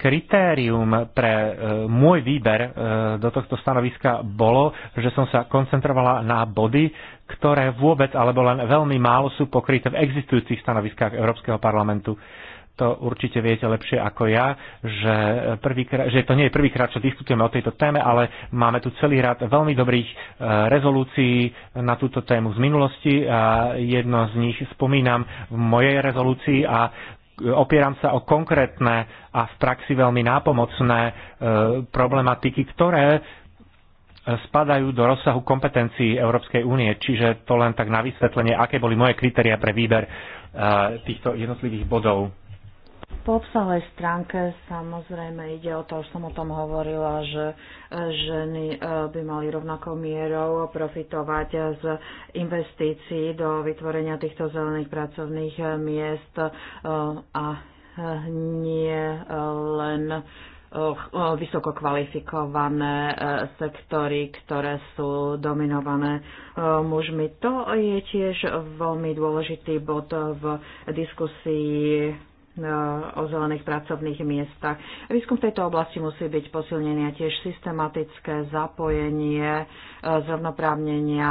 kritérium pre e, môj výber e, do tohto stanoviska bolo, že som sa koncentrovala na body, ktoré vôbec alebo len veľmi málo sú pokryté v existujúcich stanoviskách Európskeho parlamentu to určite viete lepšie ako ja, že, prvýkrát, že to nie je prvýkrát, čo diskutujeme o tejto téme, ale máme tu celý rad veľmi dobrých e, rezolúcií na túto tému z minulosti a jedno z nich spomínam v mojej rezolúcii a opieram sa o konkrétne a v praxi veľmi nápomocné e, problematiky, ktoré spadajú do rozsahu kompetencií Európskej únie. Čiže to len tak na vysvetlenie, aké boli moje kritéria pre výber e, týchto jednotlivých bodov. Po obsahovej stránke samozrejme ide o to, už som o tom hovorila, že e, ženy e, by mali rovnakou mierou profitovať z investícií do vytvorenia týchto zelených pracovných e, miest a nie len vysoko kvalifikované sektory, ktoré sú dominované mužmi. To je tiež veľmi dôležitý bod v diskusii E, o zelených pracovných miestach. Výskum v tejto oblasti musí byť posilnený a tiež systematické zapojenie e, zrovnoprávnenia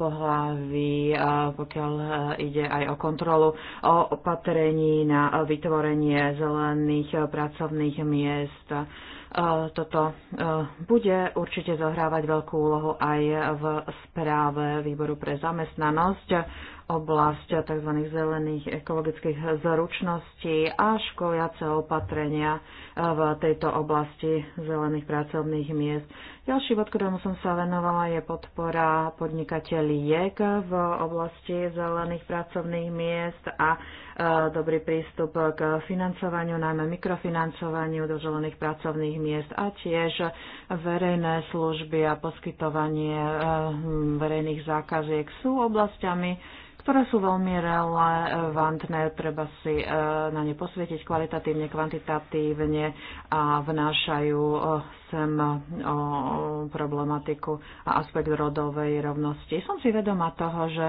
pohlaví, e, pokiaľ ide aj o kontrolu o opatrení na vytvorenie zelených pracovných miest toto bude určite zohrávať veľkú úlohu aj v správe Výboru pre zamestnanosť oblasť tzv. zelených ekologických zručností a školiace opatrenia v tejto oblasti zelených pracovných miest. Ďalší bod, ktorému som sa venovala, je podpora podnikateliek v oblasti zelených pracovných miest a e, dobrý prístup k financovaniu, najmä mikrofinancovaniu do zelených pracovných miest a tiež verejné služby a poskytovanie e, verejných zákaziek sú oblastiami, ktoré sú veľmi relevantné, treba si e, na ne posvietiť kvalitatívne, kvantitatívne a vnášajú e, sem e, problematiku a aspekt rodovej rovnosti. Som si vedoma toho, že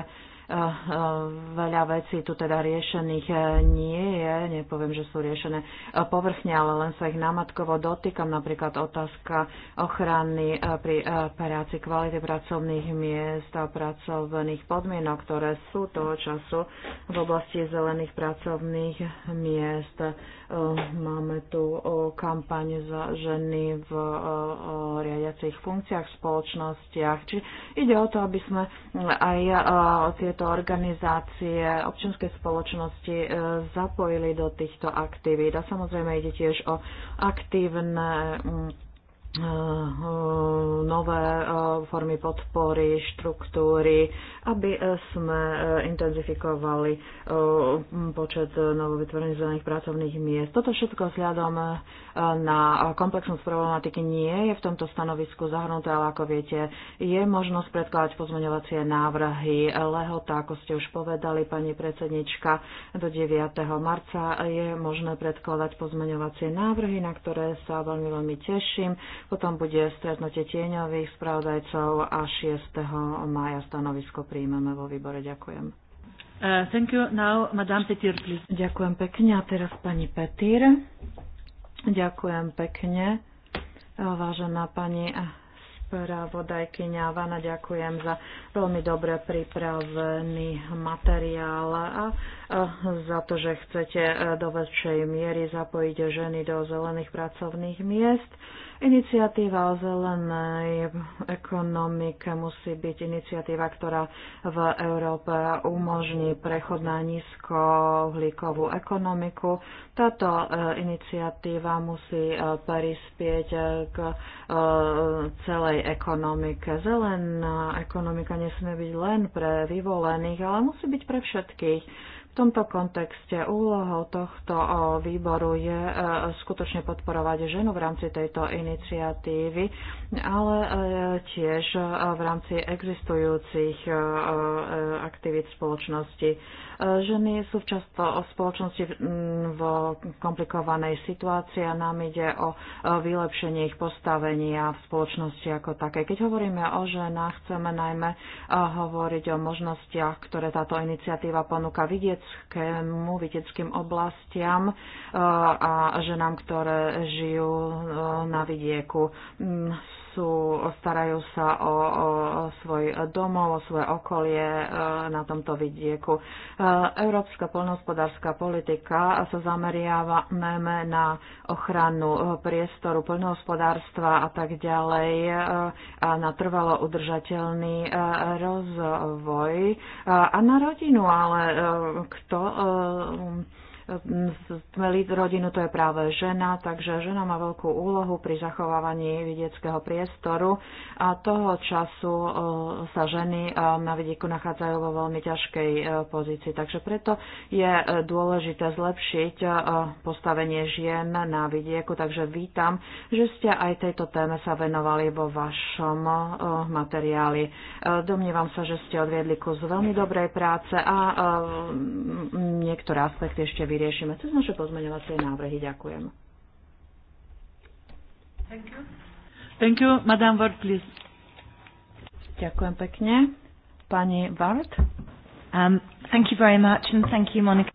Veľa vecí tu teda riešených e, nie je, nepoviem, že sú riešené e, povrchne, ale len sa ich namatkovo dotýkam, napríklad otázka ochrany e, pri práci kvality pracovných miest a pracovných podmienok, ktoré sú toho času v oblasti zelených pracovných miest Eh, máme tu eh, kampaň za ženy v eh, riadiacich funkciách, v spoločnostiach. Či ide o to, aby sme aj tieto organizácie občianskej spoločnosti zapojili do týchto aktivít. A samozrejme ide tiež o aktívne mm, Eh, eh, nové eh, formy podpory, štruktúry, aby sme intenzifikovali počet novovytvorených zelených pracovných miest. Toto všetko vzhľadom na komplexnosť problematiky nie je v tomto stanovisku zahrnuté, ale ako viete, je možnosť predkladať pozmeňovacie návrhy. Lehota, ako ste už povedali, pani predsednička, do 9. marca je možné predkladať pozmeňovacie návrhy, na ktoré sa veľmi, veľmi teším potom bude stretnutie tieňových spravodajcov a 6. maja stanovisko príjmeme vo výbore. Ďakujem. Uh, thank you. Now, Madame Petir, please. Ďakujem pekne. A teraz pani Petir. Ďakujem pekne. Vážená pani spravodajkyňa Vana, ďakujem za veľmi dobre pripravený materiál a za to, že chcete e, do väčšej miery zapojiť ženy do zelených pracovných miest Iniciatíva o zelenej ekonomike musí byť iniciatíva, ktorá v Európe umožní prechod na nízkouhlíkovú ekonomiku. Táto e, iniciatíva musí e, prispieť e, k celej ekonomike. Zelená ekonomika nesmie byť len pre vyvolených, ale musí byť pre všetkých v tomto kontexte úlohou tohto výboru je e, skutočne podporovať ženu v rámci tejto iniciatívy, ale e, tiež e, v rámci existujúcich aktivít spoločnosti. Ženy sú často o spoločnosti v komplikovanej situácii a nám ide o vylepšenie ich postavenia v spoločnosti ako také. Keď hovoríme o ženách, chceme najmä hovoriť o možnostiach, ktoré táto iniciatíva ponúka vidieť vedeckému, vedeckým oblastiam e, a ženám, ktoré žijú e, na vidieku. Mm, sú, starajú sa o, o, o svoj domov, o svoje okolie e, na tomto vidieku. E, európska poľnohospodárska politika sa zameriava najmä na ochranu e, priestoru poľnohospodárstva a tak ďalej a na trvalo udržateľný rozvoj a na rodinu, ale kto Tmelit rodinu to je práve žena, takže žena má veľkú úlohu pri zachovávaní vidieckého priestoru a toho času e, sa ženy e, na vidieku nachádzajú vo veľmi ťažkej e, pozícii. Takže preto je dôležité zlepšiť postavenie žien na vidieku, takže vítam, že ste aj tejto téme sa venovali vo vašom materiáli. Domnievam sa, že ste odviedli kus veľmi dobrej práce a niektoré aspekty ešte vyriešime cez naše pozmeňovacie návrhy. Ďakujem. Thank you. Thank you. Madame Ward, please. Ďakujem pekne. Pani Ward. Um, thank you very much and thank you, Monika.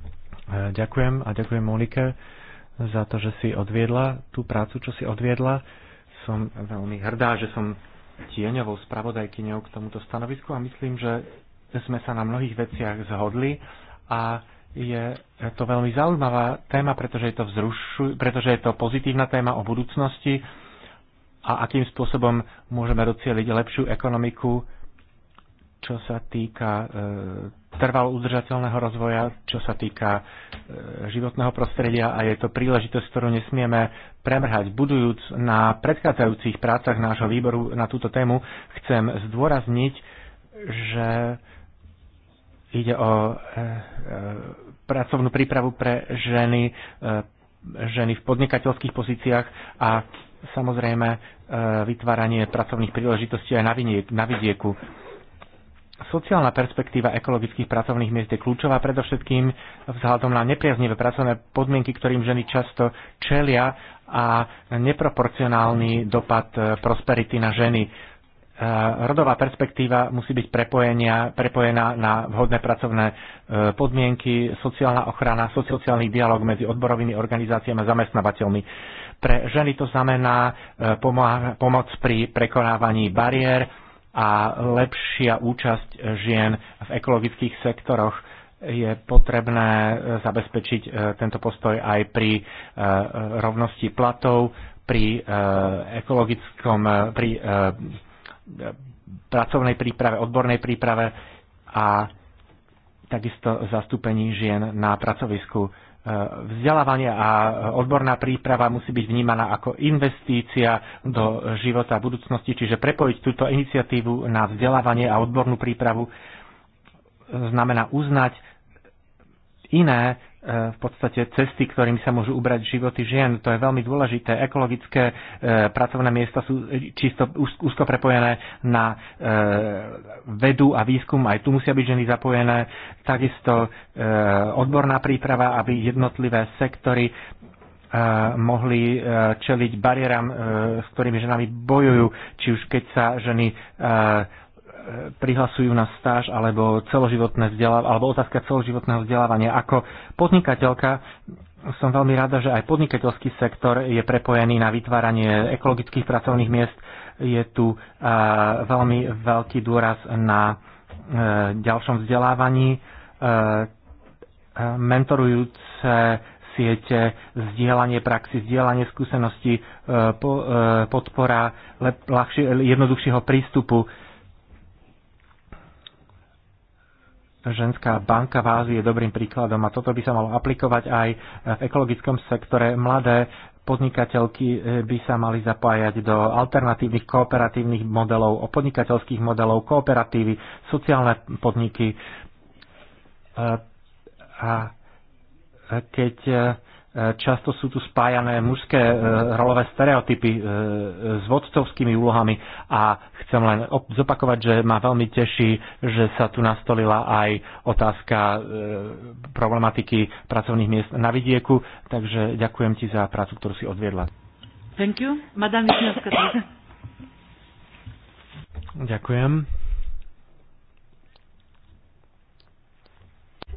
Ďakujem a ďakujem Monike za to, že si odviedla tú prácu, čo si odviedla. Som veľmi hrdá, že som tieňovou spravodajkyňou k tomuto stanovisku a myslím, že sme sa na mnohých veciach zhodli a je to veľmi zaujímavá téma, pretože je to, vzrušu, pretože je to pozitívna téma o budúcnosti a akým spôsobom môžeme docieliť lepšiu ekonomiku, čo sa týka e, trvalo udržateľného rozvoja, čo sa týka e, životného prostredia a je to príležitosť, ktorú nesmieme premrhať. Budujúc na predchádzajúcich prácach nášho výboru na túto tému, chcem zdôrazniť, že Ide o e, e, pracovnú prípravu pre ženy, e, ženy v podnikateľských pozíciách a samozrejme vytváranie pracovných príležitostí aj na vidieku. Sociálna perspektíva ekologických pracovných miest je kľúčová predovšetkým vzhľadom na nepriaznivé pracovné podmienky, ktorým ženy často čelia a neproporcionálny dopad prosperity na ženy Eh, rodová perspektíva musí byť prepojenia, prepojená na vhodné pracovné eh, podmienky, sociálna ochrana, sociálny dialog medzi odborovými organizáciami a zamestnávateľmi. Pre ženy to znamená eh, pomoc pri prekonávaní bariér a lepšia účasť žien v ekologických sektoroch je potrebné zabezpečiť tento postoj aj pri rovnosti platov, pri ekologickom, pri pracovnej príprave, odbornej príprave a takisto zastúpení žien na pracovisku. E, vzdelávanie a odborná príprava musí byť vnímaná ako investícia do života a budúcnosti, čiže prepojiť túto iniciatívu na vzdelávanie a odbornú prípravu znamená uznať iné E, v podstate cesty, ktorým sa môžu ubrať životy žien. To je veľmi dôležité. Ekologické e, pracovné miesta sú čisto úzko prepojené na e, vedu a výskum. Aj tu musia byť ženy zapojené. Takisto e, odborná príprava, aby jednotlivé sektory e, mohli e, čeliť bariéram, s ktorými ženami bojujú, či už keď sa ženy prihlasujú na stáž alebo celoživotné vzdelávanie, alebo otázka celoživotného vzdelávania. Ako podnikateľka som veľmi rada, že aj podnikateľský sektor je prepojený na vytváranie ekologických pracovných miest. Je tu veľmi veľký dôraz na e, ďalšom vzdelávaní, e, e, mentorujúce siete, vzdielanie praxi, vzdielanie skúseností, podpora ľahšie, jednoduchšieho prístupu ženská banka v Ázii je dobrým príkladom a toto by sa malo aplikovať aj v ekologickom sektore. Mladé podnikateľky eh, by sa mali zapájať do alternatívnych kooperatívnych modelov, o podnikateľských modelov, kooperatívy, sociálne podniky. Eh, a keď eh, často sú tu spájané mužské e, rolové stereotypy e, s vodcovskými úlohami a chcem len zopakovať, že ma veľmi teší, že sa tu nastolila aj otázka e, problematiky pracovných miest na vidieku, takže ďakujem ti za prácu, ktorú si odviedla. Thank you. Madame Ďakujem.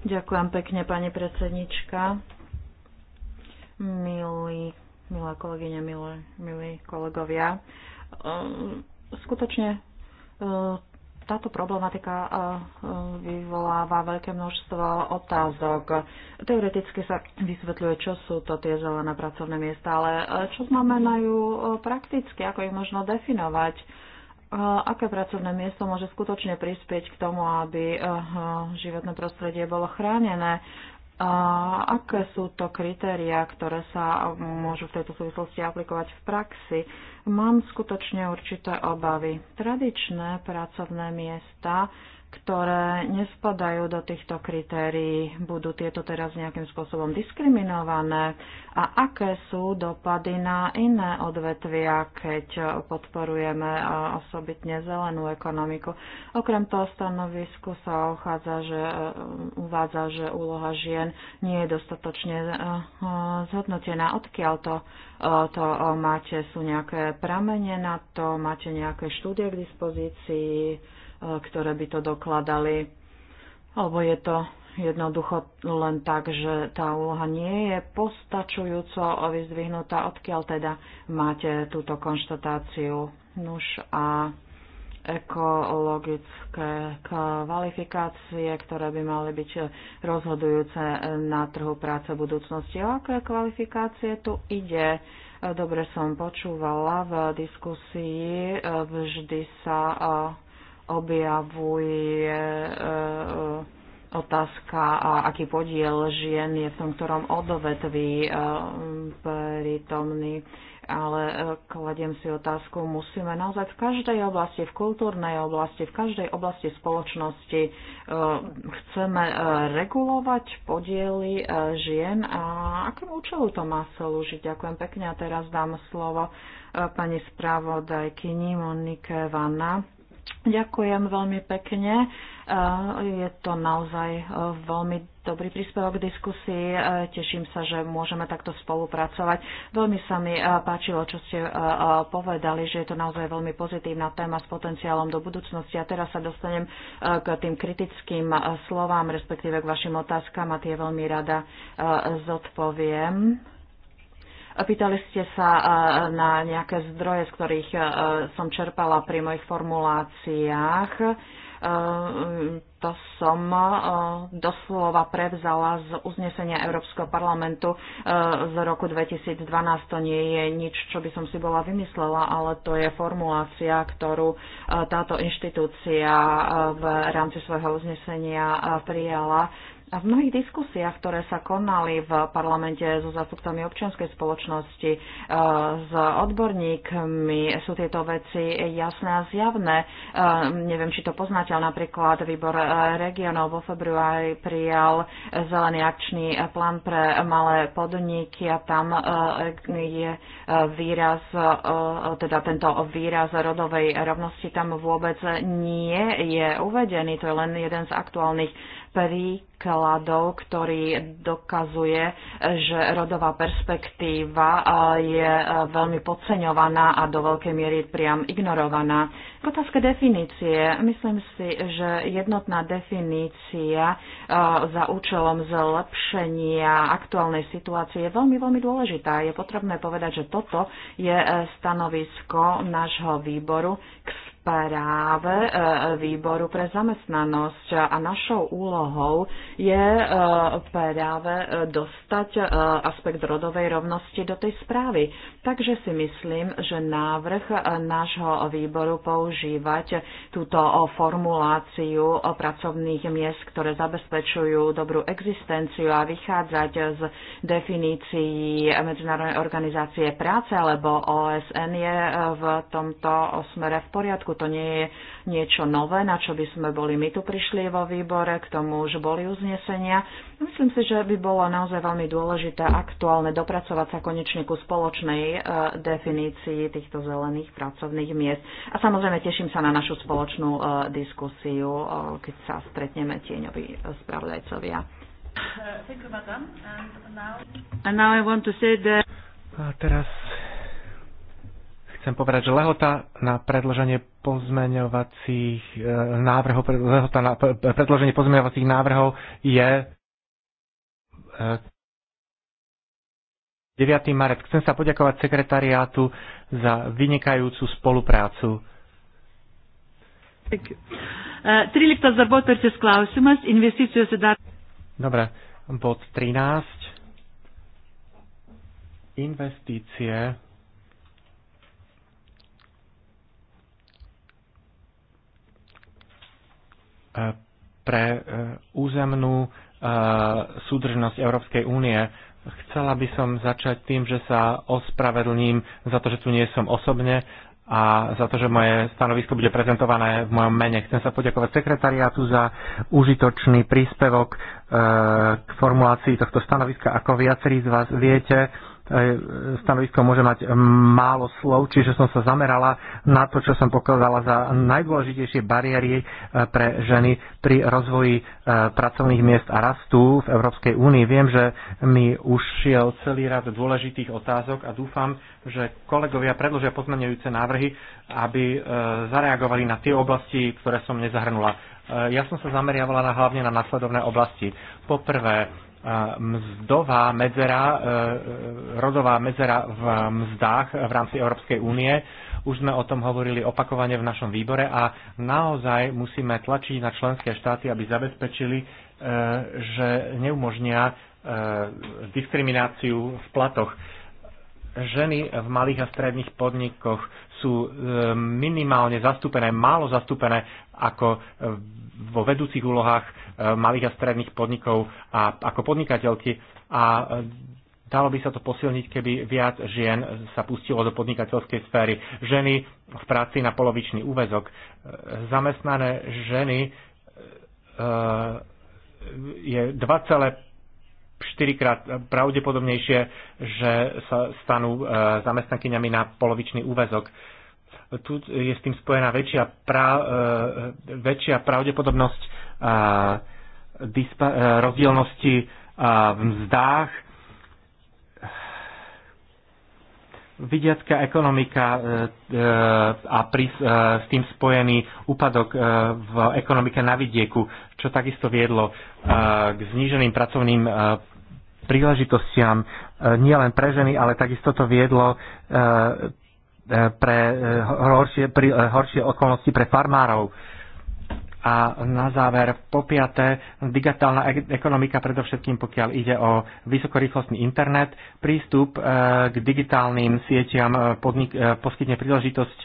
Ďakujem pekne, pani predsednička milí, milé kolegyne, milé, milí kolegovia. Um, skutočne uh, táto problematika uh, vyvoláva veľké množstvo otázok. Teoreticky sa vysvetľuje, čo sú to tie zelené pracovné miesta, ale uh, čo znamenajú prakticky, ako ich možno definovať, aké pracovné miesto môže skutočne prispieť k tomu, aby životné prostredie bolo chránené, a aké sú to kritériá, ktoré sa um, môžu v tejto súvislosti aplikovať v praxi? Mám skutočne určité obavy. Tradičné pracovné miesta ktoré nespadajú do týchto kritérií, budú tieto teraz nejakým spôsobom diskriminované a aké sú dopady na iné odvetvia, keď podporujeme osobitne zelenú ekonomiku. Okrem toho stanovisku sa ochádza, že, e, uvádza, že úloha žien nie je dostatočne e, e, zhodnotená. Odkiaľ to, to máte? Sú nejaké pramene na to? Máte nejaké štúdie k dispozícii? ktoré by to dokladali. Alebo je to jednoducho len tak, že tá úloha nie je postačujúco vyzdvihnutá, odkiaľ teda máte túto konštatáciu. Nuž a ekologické kvalifikácie, ktoré by mali byť rozhodujúce na trhu práce v budúcnosti. O aké kvalifikácie tu ide? Dobre som počúvala v diskusii, vždy sa objavuje e, e, otázka, aký podiel žien je v tom, ktorom odovetví e, prítomný ale kladiem si otázku, musíme naozaj v každej oblasti, v kultúrnej oblasti, v každej oblasti spoločnosti chceme regulovať podiely žien a akým účelu to má slúžiť. Ďakujem pekne a teraz dám slovo pani správodajkyni Monike Vanna. Ďakujem veľmi pekne. E, je to naozaj e, veľmi dobrý príspevok k diskusii. E, teším sa, že môžeme takto spolupracovať. Veľmi sa mi páčilo, čo ste povedali, že je to naozaj veľmi pozitívna téma s potenciálom do budúcnosti. A teraz sa dostanem k tým kritickým slovám, respektíve k vašim otázkam a tie veľmi rada zodpoviem. Pýtali ste sa e, na nejaké zdroje, z ktorých e, som čerpala pri mojich formuláciách. E, to som doslova prevzala z uznesenia Európskeho parlamentu z roku 2012. To nie je nič, čo by som si bola vymyslela, ale to je formulácia, ktorú táto inštitúcia v rámci svojho uznesenia prijala a v mnohých diskusiách, ktoré sa konali v parlamente so zástupcami občianskej spoločnosti, e, s odborníkmi, sú tieto veci jasné a zjavné. E, neviem, či to poznáte, ale napríklad výbor e, regionov vo februári prijal zelený akčný plán pre malé podniky a tam je výraz, teda tento výraz rodovej rovnosti tam vôbec nie je uvedený. To je len jeden z aktuálnych príkladov, ktorý dokazuje, že rodová perspektíva je veľmi podceňovaná a do veľkej miery priam ignorovaná. K otázke definície. Myslím si, že jednotná definícia za účelom zlepšenia aktuálnej situácie je veľmi, veľmi dôležitá. Je potrebné povedať, že toto je e, stanovisko nášho výboru k práve e, výboru pre zamestnanosť a našou úlohou je e, práve e, dostať aspekt rodovej rovnosti do tej správy. Takže si myslím, že návrh eh, nášho výboru používať túto eh, formuláciu o eh, pracovných miest, ktoré zabezpečujú dobrú existenciu a vychádzať z definícií Medzinárodnej organizácie práce alebo OSN je v tomto smere v poriadku. To nie je niečo nové, na čo by sme boli my tu prišli vo výbore, k tomu už boli uznesenia Myslím si, že by bolo naozaj veľmi dôležité aktuálne dopracovať sa konečne ku spoločnej e, definícii týchto zelených pracovných miest. A samozrejme teším sa na našu spoločnú e, diskusiu, e, keď sa stretneme tieňoví spravodajcovia. A teraz chcem povedať, že lehota na predloženie pozmeňovacích návrhov, lehota na predloženie pozmeňovacích návrhov je 9. marec. Chcem sa poďakovať sekretariátu za vynikajúcu spoluprácu. Uh, Dobre, bod 13. Investície. Uh, pre uh, územnú súdržnosť Európskej únie. Chcela by som začať tým, že sa ospravedlním za to, že tu nie som osobne a za to, že moje stanovisko bude prezentované v mojom mene. Chcem sa poďakovať sekretariátu za užitočný príspevok e, k formulácii tohto stanoviska. Ako viacerí z vás viete, Eh, stanovisko môže mať málo slov, čiže som sa zamerala na to, čo som pokladala za najdôležitejšie bariéry eh, pre ženy pri rozvoji eh, pracovných miest a rastu v Európskej únii. Viem, že mi už šiel celý rad dôležitých otázok a dúfam, že kolegovia predložia pozmenujúce návrhy, aby zareagovali na tie oblasti, ktoré som nezahrnula. Ja som sa zameriavala na, hlavne na následovné oblasti. Poprvé, mzdová medzera, e, e, rodová medzera v mzdách v rámci Európskej únie. Už sme o tom hovorili opakovane v našom výbore a naozaj musíme tlačiť na členské štáty, aby zabezpečili, e, že neumožnia diskrimináciu v platoch. Ženy v malých a stredných podnikoch sú minimálne zastúpené, málo zastúpené ako vo vedúcich úlohách Eh, malých a stredných podnikov a ako podnikateľky a eh, dalo by sa to posilniť, keby viac žien sa pustilo do podnikateľskej sféry. Ženy v práci na polovičný úvezok, eh, zamestnané ženy je 2,4 krát pravdepodobnejšie, že sa stanú zamestnankyňami na polovičný úvezok. Tu je s tým spojená väčšia, pra, väčšia pravdepodobnosť Eh, rozdielnosti v mzdách. Vidiacká ekonomika eh, eh, a pri, s tým spojený úpadok v ekonomike na vidieku, čo takisto viedlo k zníženým pracovným príležitostiam nielen pre ženy, ale takisto to viedlo pre horšie, pri, horšie okolnosti pre farmárov a na záver, po piaté, digitálna e- ekonomika, predovšetkým pokiaľ ide o vysokorýchlostný internet, prístup e, k digitálnym sieťam e, podnik, poskytne príležitosť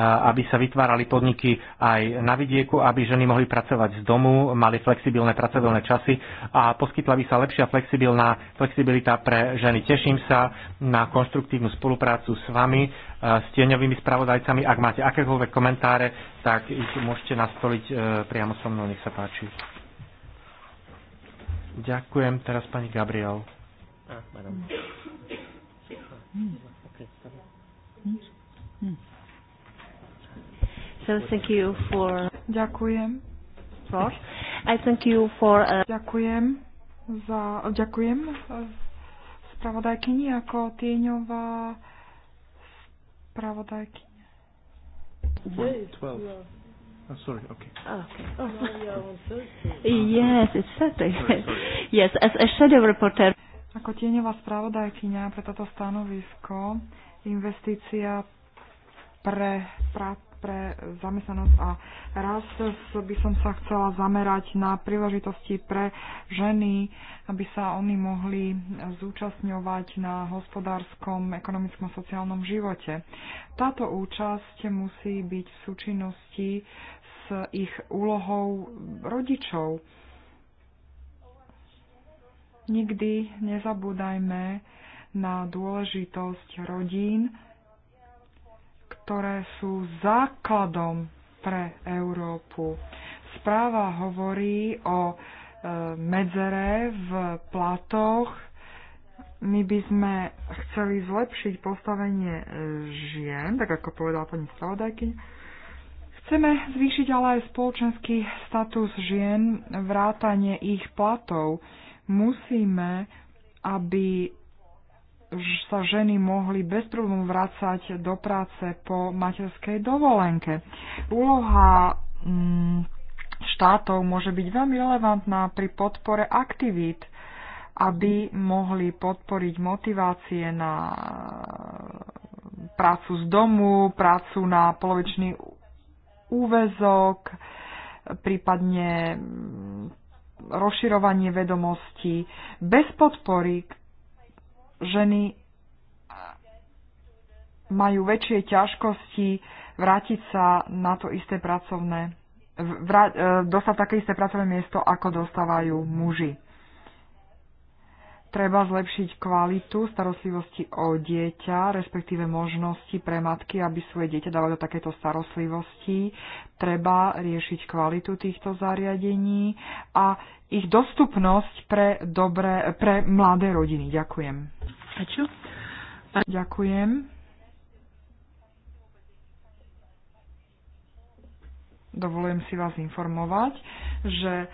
aby sa vytvárali podniky aj na vidieku, aby ženy mohli pracovať z domu, mali flexibilné pracovné časy a poskytla by sa lepšia flexibilná flexibilita pre ženy. Teším sa na konštruktívnu spoluprácu s vami, e, s tieňovými spravodajcami. Ak máte akékoľvek komentáre, tak ich môžete nastoliť e, priamo so mnou, nech sa páči. Ďakujem. Teraz pani Gabriel. Ah, madame. Mm. Okay, So thank you for... Ďakujem. For? I thank you for... Uh... Ďakujem za... Ďakujem uh, spravodajkyni ako tieňová spravodajkyni. 12. Oh, sorry, okay. Okay. Oh. yes, it's Sorry, sorry. [laughs] yes, as a shadow reporter. Ako tieňová spravodajkyňa pre toto stanovisko, investícia pre prácu pre zamestnanosť a raz by som sa chcela zamerať na príležitosti pre ženy, aby sa oni mohli zúčastňovať na hospodárskom, ekonomickom a sociálnom živote. Táto účasť musí byť v súčinnosti s ich úlohou rodičov. Nikdy nezabúdajme na dôležitosť rodín, ktoré sú základom pre Európu. Správa hovorí o e, medzere v platoch. My by sme chceli zlepšiť postavenie e, žien, tak ako povedala pani spravodajky. Chceme zvýšiť ale aj spoločenský status žien, vrátanie ich platov. Musíme, aby sa ženy mohli bez problémov vrácať do práce po materskej dovolenke. Úloha mm, štátov môže byť veľmi relevantná pri podpore aktivít, aby mohli podporiť motivácie na prácu z domu, prácu na polovičný úvezok, prípadne mm, rozširovanie vedomostí. Bez podpory ženy majú väčšie ťažkosti vrátiť sa na to isté pracovné, vrá, e, dostať také isté pracovné miesto, ako dostávajú muži. Treba zlepšiť kvalitu starostlivosti o dieťa, respektíve možnosti pre matky, aby svoje dieťa dávali do takéto starostlivosti. Treba riešiť kvalitu týchto zariadení a ich dostupnosť pre, dobré, pre mladé rodiny. Ďakujem. A čo? A... Ďakujem. Dovolujem si vás informovať, že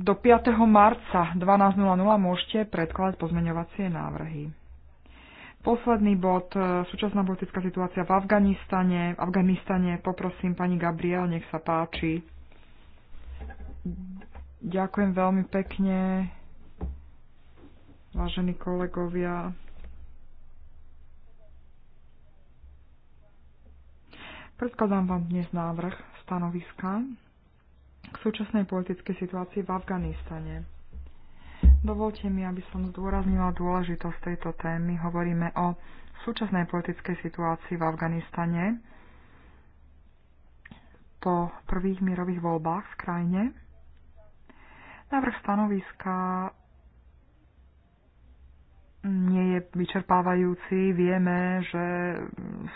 do 5. marca 12.00 môžete predkladať pozmeňovacie návrhy. Posledný bod, e, súčasná politická situácia v Afganistane. V Afganistane poprosím pani Gabriel, nech sa páči. Ďakujem veľmi pekne, vážení kolegovia. Predkladám vám dnes návrh stanoviska k súčasnej politickej situácii v Afganistane. Dovolte mi, aby som zdôraznila dôležitosť tejto témy. Hovoríme o súčasnej politickej situácii v Afganistane po prvých mierových voľbách v krajine. Návrh stanoviska nie je vyčerpávajúci. Vieme, že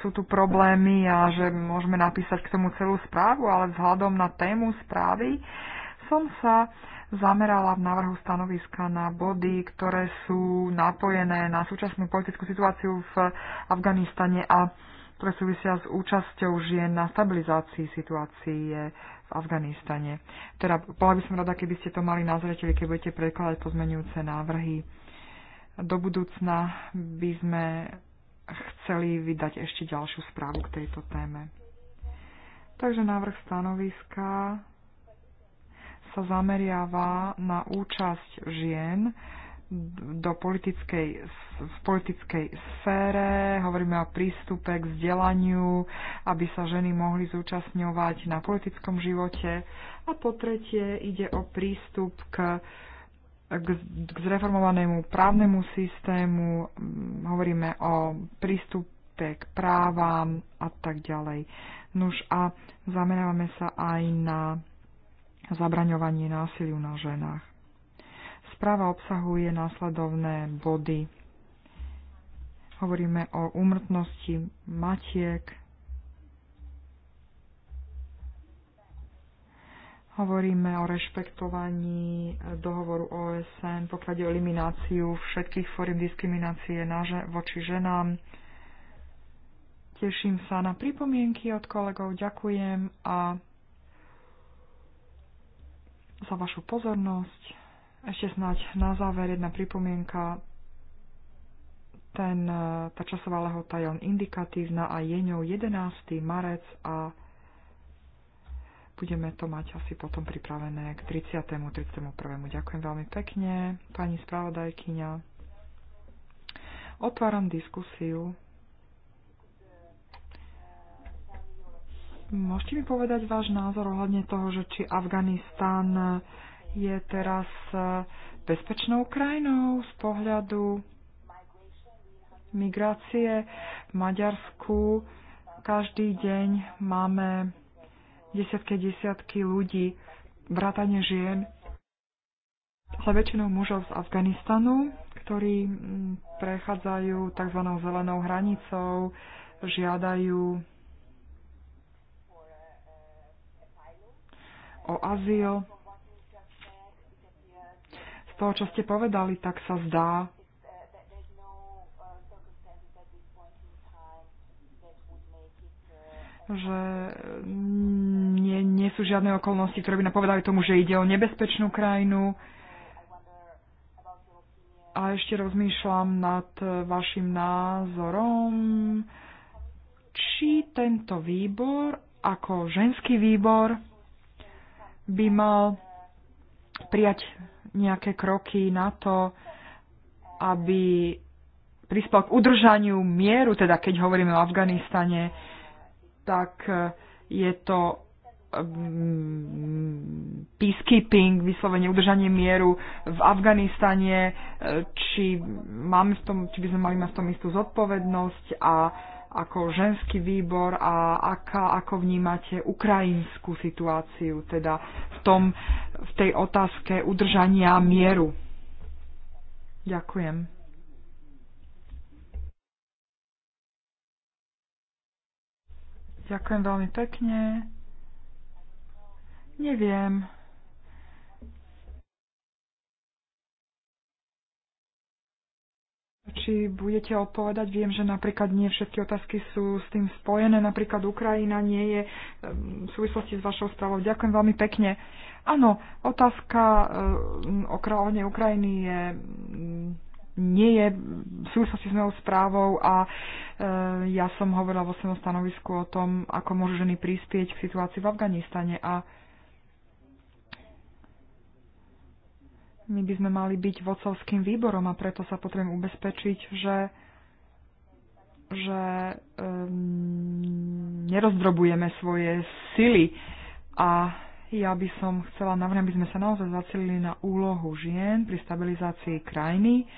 sú tu problémy a že môžeme napísať k tomu celú správu, ale vzhľadom na tému správy som sa zamerala v návrhu stanoviska na body, ktoré sú napojené na súčasnú politickú situáciu v Afganistane a ktoré súvisia s účasťou žien na stabilizácii situácie v Afganistane. Teda bola by som rada, keby ste to mali na keď budete prekladať pozmenujúce návrhy do budúcna by sme chceli vydať ešte ďalšiu správu k tejto téme. Takže návrh stanoviska sa zameriava na účasť žien do politickej, v politickej sfére, hovoríme o prístupe k vzdelaniu, aby sa ženy mohli zúčastňovať na politickom živote. A po tretie ide o prístup k k, k zreformovanému právnemu systému, mm, hovoríme o prístupe k právam a tak ďalej. Nuž a zamerávame sa aj na zabraňovanie násiliu na ženách. Správa obsahuje následovné body. Hovoríme o úmrtnosti matiek, Hovoríme o rešpektovaní dohovoru OSN, pokiaľ o elimináciu všetkých fóriem diskriminácie na, voči ženám. Teším sa na pripomienky od kolegov, ďakujem a za vašu pozornosť. Ešte snáď na záver jedna pripomienka. Ten, eh, tá časová lehota je on indikatívna a je ňou 11. marec a budeme to mať asi potom pripravené k 30. 31. Ďakujem veľmi pekne, pani spravodajkyňa. Otváram diskusiu. Môžete mi povedať váš názor ohľadne toho, že či Afganistán je teraz e, bezpečnou krajinou z pohľadu migrácie v Maďarsku? Každý deň máme desiatky a desiatky ľudí, vrátane žien, ale väčšinou mužov z Afganistanu, ktorí mm, prechádzajú tzv. zelenou hranicou, žiadajú o azyl. Z toho, čo ste povedali, tak sa zdá, že nie, nie sú žiadne okolnosti, ktoré by napovedali tomu, že ide o nebezpečnú krajinu. A ešte rozmýšľam nad vašim názorom, či tento výbor ako ženský výbor by mal prijať nejaké kroky na to, aby prispel k udržaniu mieru, teda keď hovoríme o Afganistane, tak je to Mm, peacekeeping, vyslovene udržanie mieru v Afganistane, e, či, máme v tom, či by sme mali mať v tom istú zodpovednosť a ako ženský výbor a aká, ako vnímate ukrajinskú situáciu, teda v, tom, v tej otázke udržania mieru. Ďakujem. Ďakujem veľmi pekne. Neviem. Či budete odpovedať, viem, že napríklad nie všetky otázky sú s tým spojené, napríklad Ukrajina nie je ehm, v súvislosti s vašou správou. Ďakujem veľmi pekne. Áno, otázka ehm, o kráľovne Ukrajiny je mm, nie je v súvislosti s mojou správou a ehm, ja som hovorila vo svojom stanovisku o tom, ako môžu ženy prispieť k situácii v Afganistane a my by sme mali byť vocovským výborom a preto sa potrebujem ubezpečiť, že, že um, nerozdrobujeme svoje sily. A ja by som chcela navrhnúť, aby sme sa naozaj zacelili na úlohu žien pri stabilizácii krajiny.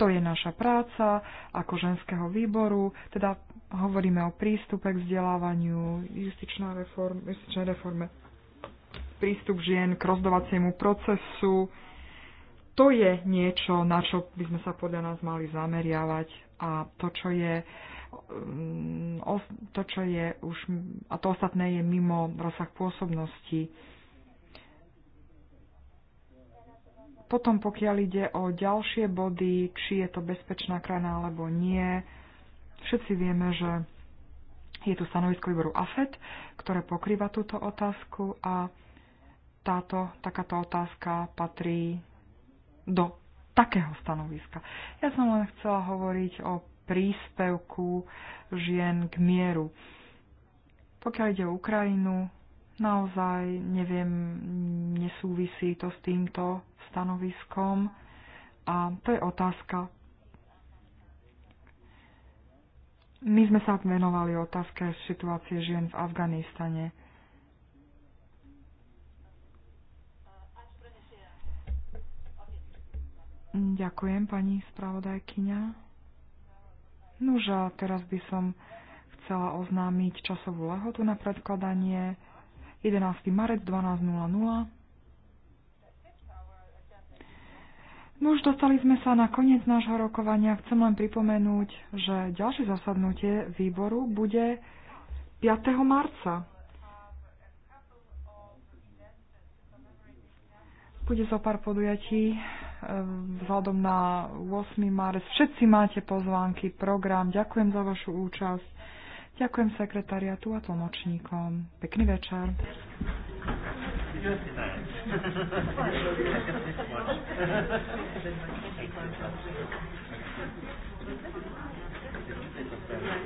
To je naša práca ako ženského výboru, teda hovoríme o prístupe k vzdelávaniu, justičná reform, justičnej reforme, prístup žien k rozdovaciemu procesu, to je niečo, na čo by sme sa podľa nás mali zameriavať a to, čo je mm, to, čo je už, a to ostatné je mimo rozsah pôsobnosti. Potom, pokiaľ ide o ďalšie body, či je to bezpečná krajina alebo nie, všetci vieme, že je tu stanovisko výboru AFET, ktoré pokrýva túto otázku a táto, takáto otázka patrí do takého stanoviska. Ja som len chcela hovoriť o príspevku žien k mieru. Pokiaľ ide o Ukrajinu, naozaj neviem, nesúvisí to s týmto stanoviskom a to je otázka. My sme sa venovali otázke situácie žien v Afganistane. Ďakujem, pani spravodajkyňa. Nuž a teraz by som chcela oznámiť časovú lehotu na predkladanie 11. marec 12.00. No už dostali sme sa na koniec nášho rokovania. Chcem len pripomenúť, že ďalšie zasadnutie výboru bude 5. marca. Bude zo pár podujatí vzhľadom na 8. marec. Všetci máte pozvánky, program. Ďakujem za vašu účasť. Ďakujem sekretariatu a tlmočníkom. Pekný večer. Thank you.